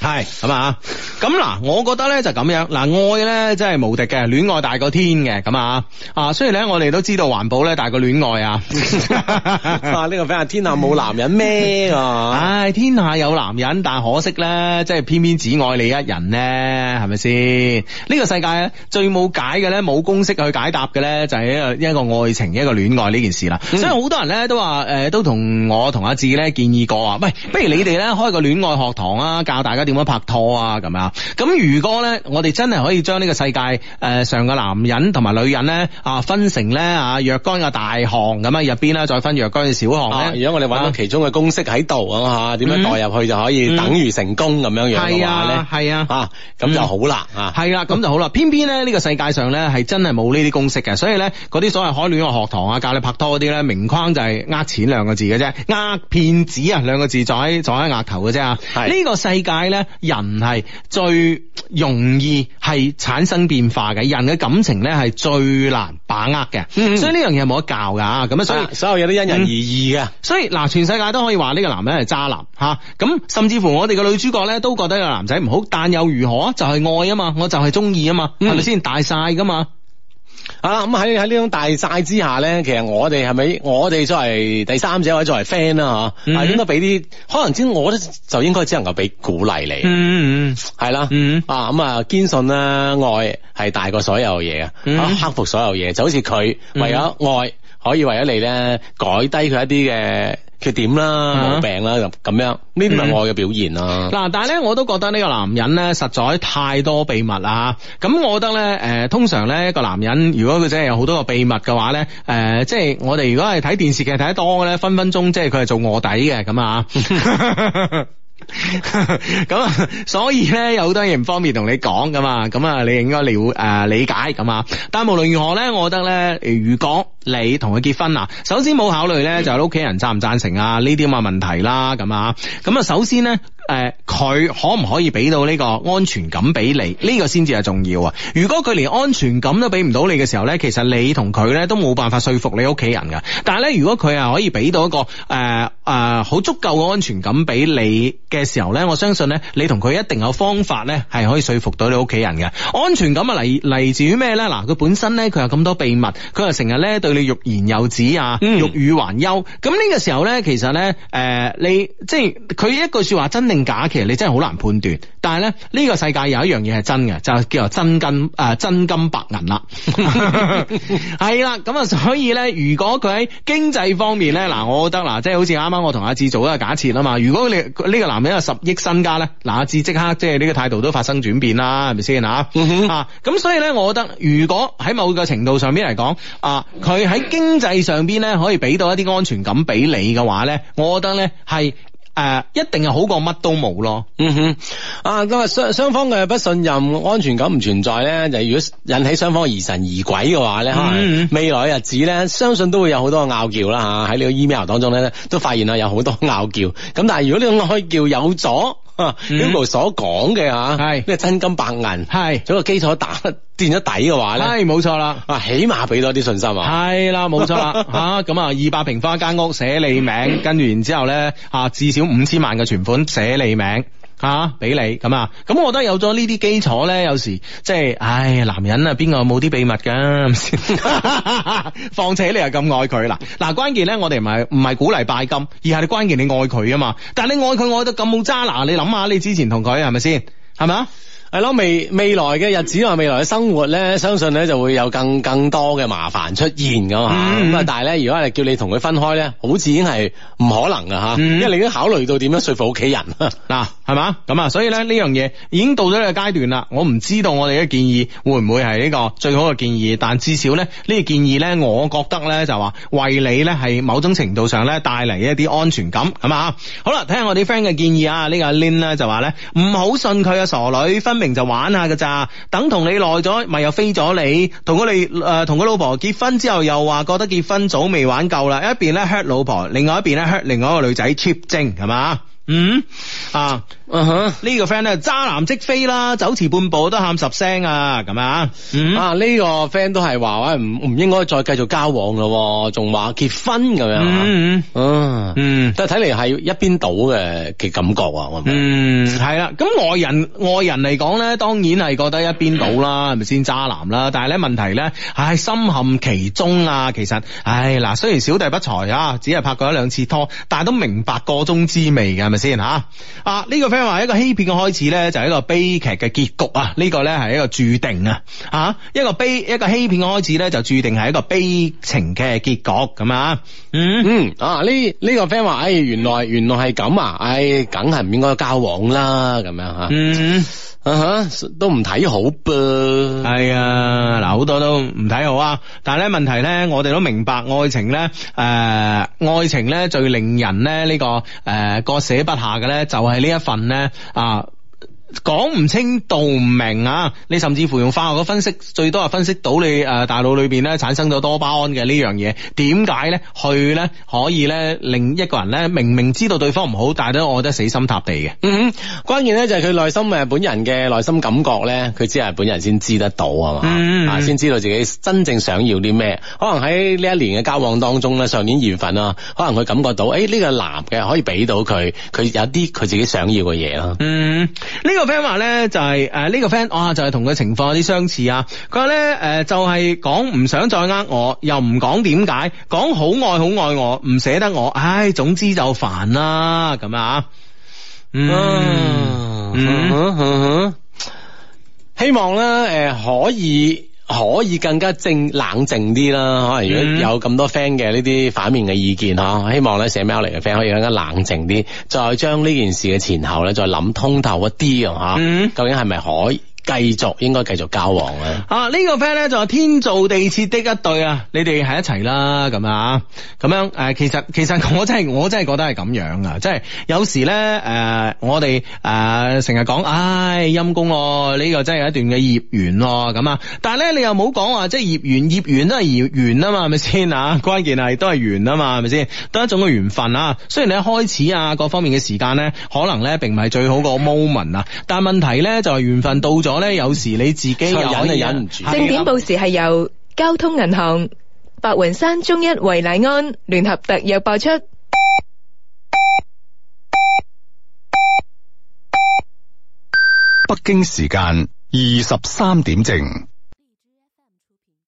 係咁啊！咁嗱，啊，我覺得咧就咁樣嗱，啊，愛咧真係無敵嘅，戀愛大過天嘅咁啊！啊，雖然咧我哋都知道環保咧大過戀愛啊，呢個 friend 話天下冇男人咩？唉，天下有男人，但係可惜咧，即係偏偏只愛你一人咧，係咪先？呢，這個世界咧最冇解嘅咧，冇公式去解答嘅咧，就係一個一個愛情一個戀愛呢件事啦。嗯，所以好多人咧都話誒，都同，呃、我同阿志咧建議過啊，喂，不如你哋咧開個戀愛學堂啊，教大家點樣拍拖啊咁樣？咁如果咧，我哋真係可以將呢個世界誒上嘅男人同埋女人咧啊分成咧啊若干個大項咁啊入邊啦，再分若干嘅小項咧。如果我哋揾到其中嘅公式喺度啊吓，點樣代入去就可以等於成功咁樣樣嘅話咧，係啊啊咁就好啦啊係啦，咁就好啦。偏偏咧呢個世界上咧係真係冇呢啲公式嘅，所以咧嗰啲所謂海戀嘅學堂啊，教你拍拖嗰啲咧，明框就係呃錢兩個字嘅啫，呃騙子啊兩個字在喺在喺額頭嘅啫啊。呢個世界咧。人係最容易係產生變化嘅，人嘅感情咧係最難把握嘅，嗯、所以呢樣嘢冇得教噶，咁、嗯、所以所有嘢都因人而異嘅。嗯、所以嗱，全世界都可以話呢個男人係渣男吓，咁、啊、甚至乎我哋個女主角咧都覺得個男仔唔好，但又如何？就係、是、愛啊嘛，我就係中意啊嘛，係咪先？大晒噶嘛。啊咁喺喺呢種大晒之下咧，其實我哋係咪我哋作為第三者或者作為 friend 啦吓，應該俾啲可能只我覺得就應該只能夠俾鼓勵你，嗯嗯嗯，係、hmm. 啦，mm hmm. 啊咁啊堅信啦、啊，愛係大過所有嘢、mm hmm. 啊，克服所有嘢，就好似佢為咗愛可以為咗你咧改低佢一啲嘅。缺點啦，冇病啦咁咁樣，呢啲係我嘅表現啦、啊。嗱、嗯，但係咧，我都覺得呢個男人咧實在太多秘密啦。咁我覺得咧，誒、呃，通常咧一個男人如果佢真係有好多個秘密嘅話咧，誒、呃，即係我哋如果係睇電視劇睇得多嘅咧，分分鐘即係佢係做臥底嘅咁啊。咁 所以咧有好多嘢，唔方便同你講噶嘛，咁啊你應該了誒理解噶嘛。但係無論如何咧，我覺得咧，如果你同佢結婚啊？首先冇考慮咧，就係屋企人贊唔贊成啊？呢啲咁嘅問題啦，咁啊，咁啊，首先咧。誒，佢、呃、可唔可以俾到呢個安全感俾你？呢、呢個先至係重要啊！如果佢連安全感都俾唔到你嘅時候呢，其實你同佢呢都冇辦法說服你屋企人㗎。但係咧，如果佢啊可以俾到一個誒誒好足夠嘅安全感俾你嘅時候呢，我相信呢，你同佢一定有方法呢係可以說服到你屋企人嘅安全感啊嚟嚟自於咩呢？嗱、呃，佢本身呢，佢有咁多秘密，佢又成日呢對你欲言又止啊，嗯、欲語還休。咁呢個時候呢，其實呢，誒、呃、你即係佢一句說話真定。假，其實你真係好難判斷。但係咧，呢個世界有一樣嘢係真嘅，就叫做真金誒、呃，真金白銀啦。係啦，咁啊，所以咧，如果佢喺經濟方面咧，嗱，我覺得嗱，即係好似啱啱我同阿志做一個假設啊嘛。如果你呢個男人有十億身家咧，嗱，阿志即刻即係呢個態度都發生轉變啦，係咪先啊？啊，咁所以咧，我覺得如果喺某個程度上邊嚟講，啊，佢喺經濟上邊咧可以俾到一啲安全感俾你嘅話咧，我覺得咧係。誒，一定係好過乜都冇咯。嗯哼，啊，都係雙雙方嘅不信任，安全感唔存在咧，就如果引起雙方疑神疑鬼嘅話咧，可能、嗯、未來日子咧，相信都會有好多拗撬啦吓。喺呢個 email 當中咧，都發現啦有好多拗撬。咁但係如果呢個拗撬有咗，啊，Hugo、嗯、所講嘅嚇，咩是真金白銀，係是，咁個基礎打墊咗底嘅話咧，係冇錯啦，啊，起碼俾多啲信心啊，係啦，冇錯啦，吓，咁啊，二百平方間屋寫你名， 跟住然之後咧，啊，至少五千萬嘅存款寫你名。吓，俾你咁啊，咁、啊、我覺得有咗呢啲基礎咧，有時即係，唉，男人啊，邊個冇啲秘密噶，唔是，哈況且你又咁愛佢，嗱、啊、嗱，關鍵咧，我哋唔係唔係鼓勵拜金，而係你關鍵你愛佢啊嘛，但係你愛佢愛到咁冇渣嗱，你諗下你之前同佢係咪先，係咪？係咯，未未來嘅日子或未來嘅生活咧，相信咧就會有更更多嘅麻煩出現噶嘛。咁啊、嗯，但係咧，如果係叫你同佢分開咧，好似已經係唔可能噶吓，嗯、因為你已經考慮到點樣說服屋企人嗱，係嘛咁啊。所以咧呢樣嘢已經到咗呢個階段啦。我唔知道我哋嘅建議會唔會係呢個最好嘅建議，但至少咧呢、這個建議咧，我覺得咧就話為你咧係某種程度上咧帶嚟一啲安全感係嘛？好啦，聽下我哋 friend 嘅建議啊，呢、這個 Lin 咧就話咧唔好信佢啊，傻女分。明就玩下噶咋，等同你耐咗，咪又飛咗你。同佢哋，誒，同佢老婆結婚之後，又話覺得結婚早，未玩夠啦。一邊咧 hurt 老婆，另外一邊咧 hurt 另外一個女仔 cheap 精，係嘛？ 嗯啊，哼、啊，呢個 friend 咧渣男即飛啦，走遲半步都喊十聲啊咁啊，嗯、啊呢個 friend 都係話喂，唔唔應該再繼續交往咯，仲話結婚咁樣啊，嗯嗯，即係睇嚟，係一邊倒嘅嘅感覺啊，嗯係啦，咁、嗯、外人外人嚟講咧，當然係覺得一邊倒啦，係咪先渣男啦？但係咧問題咧，唉、哎、深陷其中啊，其實唉嗱、哎，雖然小弟不才啊，只係拍過一兩次拖，但係都明白個中滋味嘅係咪？先吓啊！呢、這個 friend 話一個欺騙嘅開始咧，就係、是、一個悲劇嘅結局啊！呢、這個咧係一個注定啊！吓、啊、一個悲一個欺騙嘅開始咧，就注定係一個悲情嘅結局咁啊！嗯嗯啊！呢呢、這個 friend 話，哎，原來原來係咁啊！哎，梗係唔應該交往啦！咁樣吓、啊、嗯。啊哈，都唔睇好噃，係啊，嗱好多都唔睇好啊。但係咧問題咧，我哋都明白愛情咧，誒，愛情咧最令人咧呢個誒割捨不下嘅咧，就係呢一份咧啊。呃講唔清道唔明啊！你甚至乎用化學嘅分析，最多係分析到你誒、呃、大腦裏邊咧產生咗多巴胺嘅呢樣嘢，點解咧？佢咧可以咧令一個人咧明明知道對方唔好，但係都愛得死心塌地嘅。嗯哼，關鍵咧就係佢內心誒本人嘅內心感覺咧，佢只係本人先知得到、嗯、啊嘛，啊先知道自己真正想要啲咩。可能喺呢一年嘅交往當中咧，上年二月份啊，可能佢感覺到誒呢、哎這個男嘅可以俾到佢，佢有啲佢自己想要嘅嘢啦。嗯，呢、這個。個 friend 話咧就係誒呢個 friend 哇，就係同佢情況有啲相似啊。佢話咧誒就係講唔想再，呃，我又唔講點解，講好愛好愛我唔捨得我唉、哎、總之就煩啦咁、嗯、啊嗯嗯、啊啊啊、希望咧誒可以。可以更加正冷靜啲啦，可能如果有咁多 friend 嘅呢啲反面嘅意見，嗬，希望咧寫 mail 嚟嘅 friend 可以更加冷靜啲，再將呢件事嘅前後咧再諗通透一啲啊，嚇， 究竟係咪可以？繼續應該繼續交往咧啊！啊這個、呢個 friend 咧就係天造地設的一對啊！你哋喺一齊啦咁啊，咁樣誒，其實其實我真係我真係覺得係咁樣啊！即、就、係、是、有時咧誒、呃，我哋誒成日講唉陰公喎，呢、這個真係一段嘅孽緣喎咁啊！但係咧你又冇講話即係孽緣，孽緣都係緣啊嘛，係咪先啊？關鍵係都係緣啊嘛，係咪先？都係一種嘅緣分啊！雖然你一開始啊各方面嘅時間咧，可能咧並唔係最好個 moment 啊，但係問題咧就係、是、緣分到咗。咧， 有時你自己忍又忍唔住、嗯。正點報時係由交通銀行白雲山中一維乃安聯合特約播出。 北京時間二十三點正。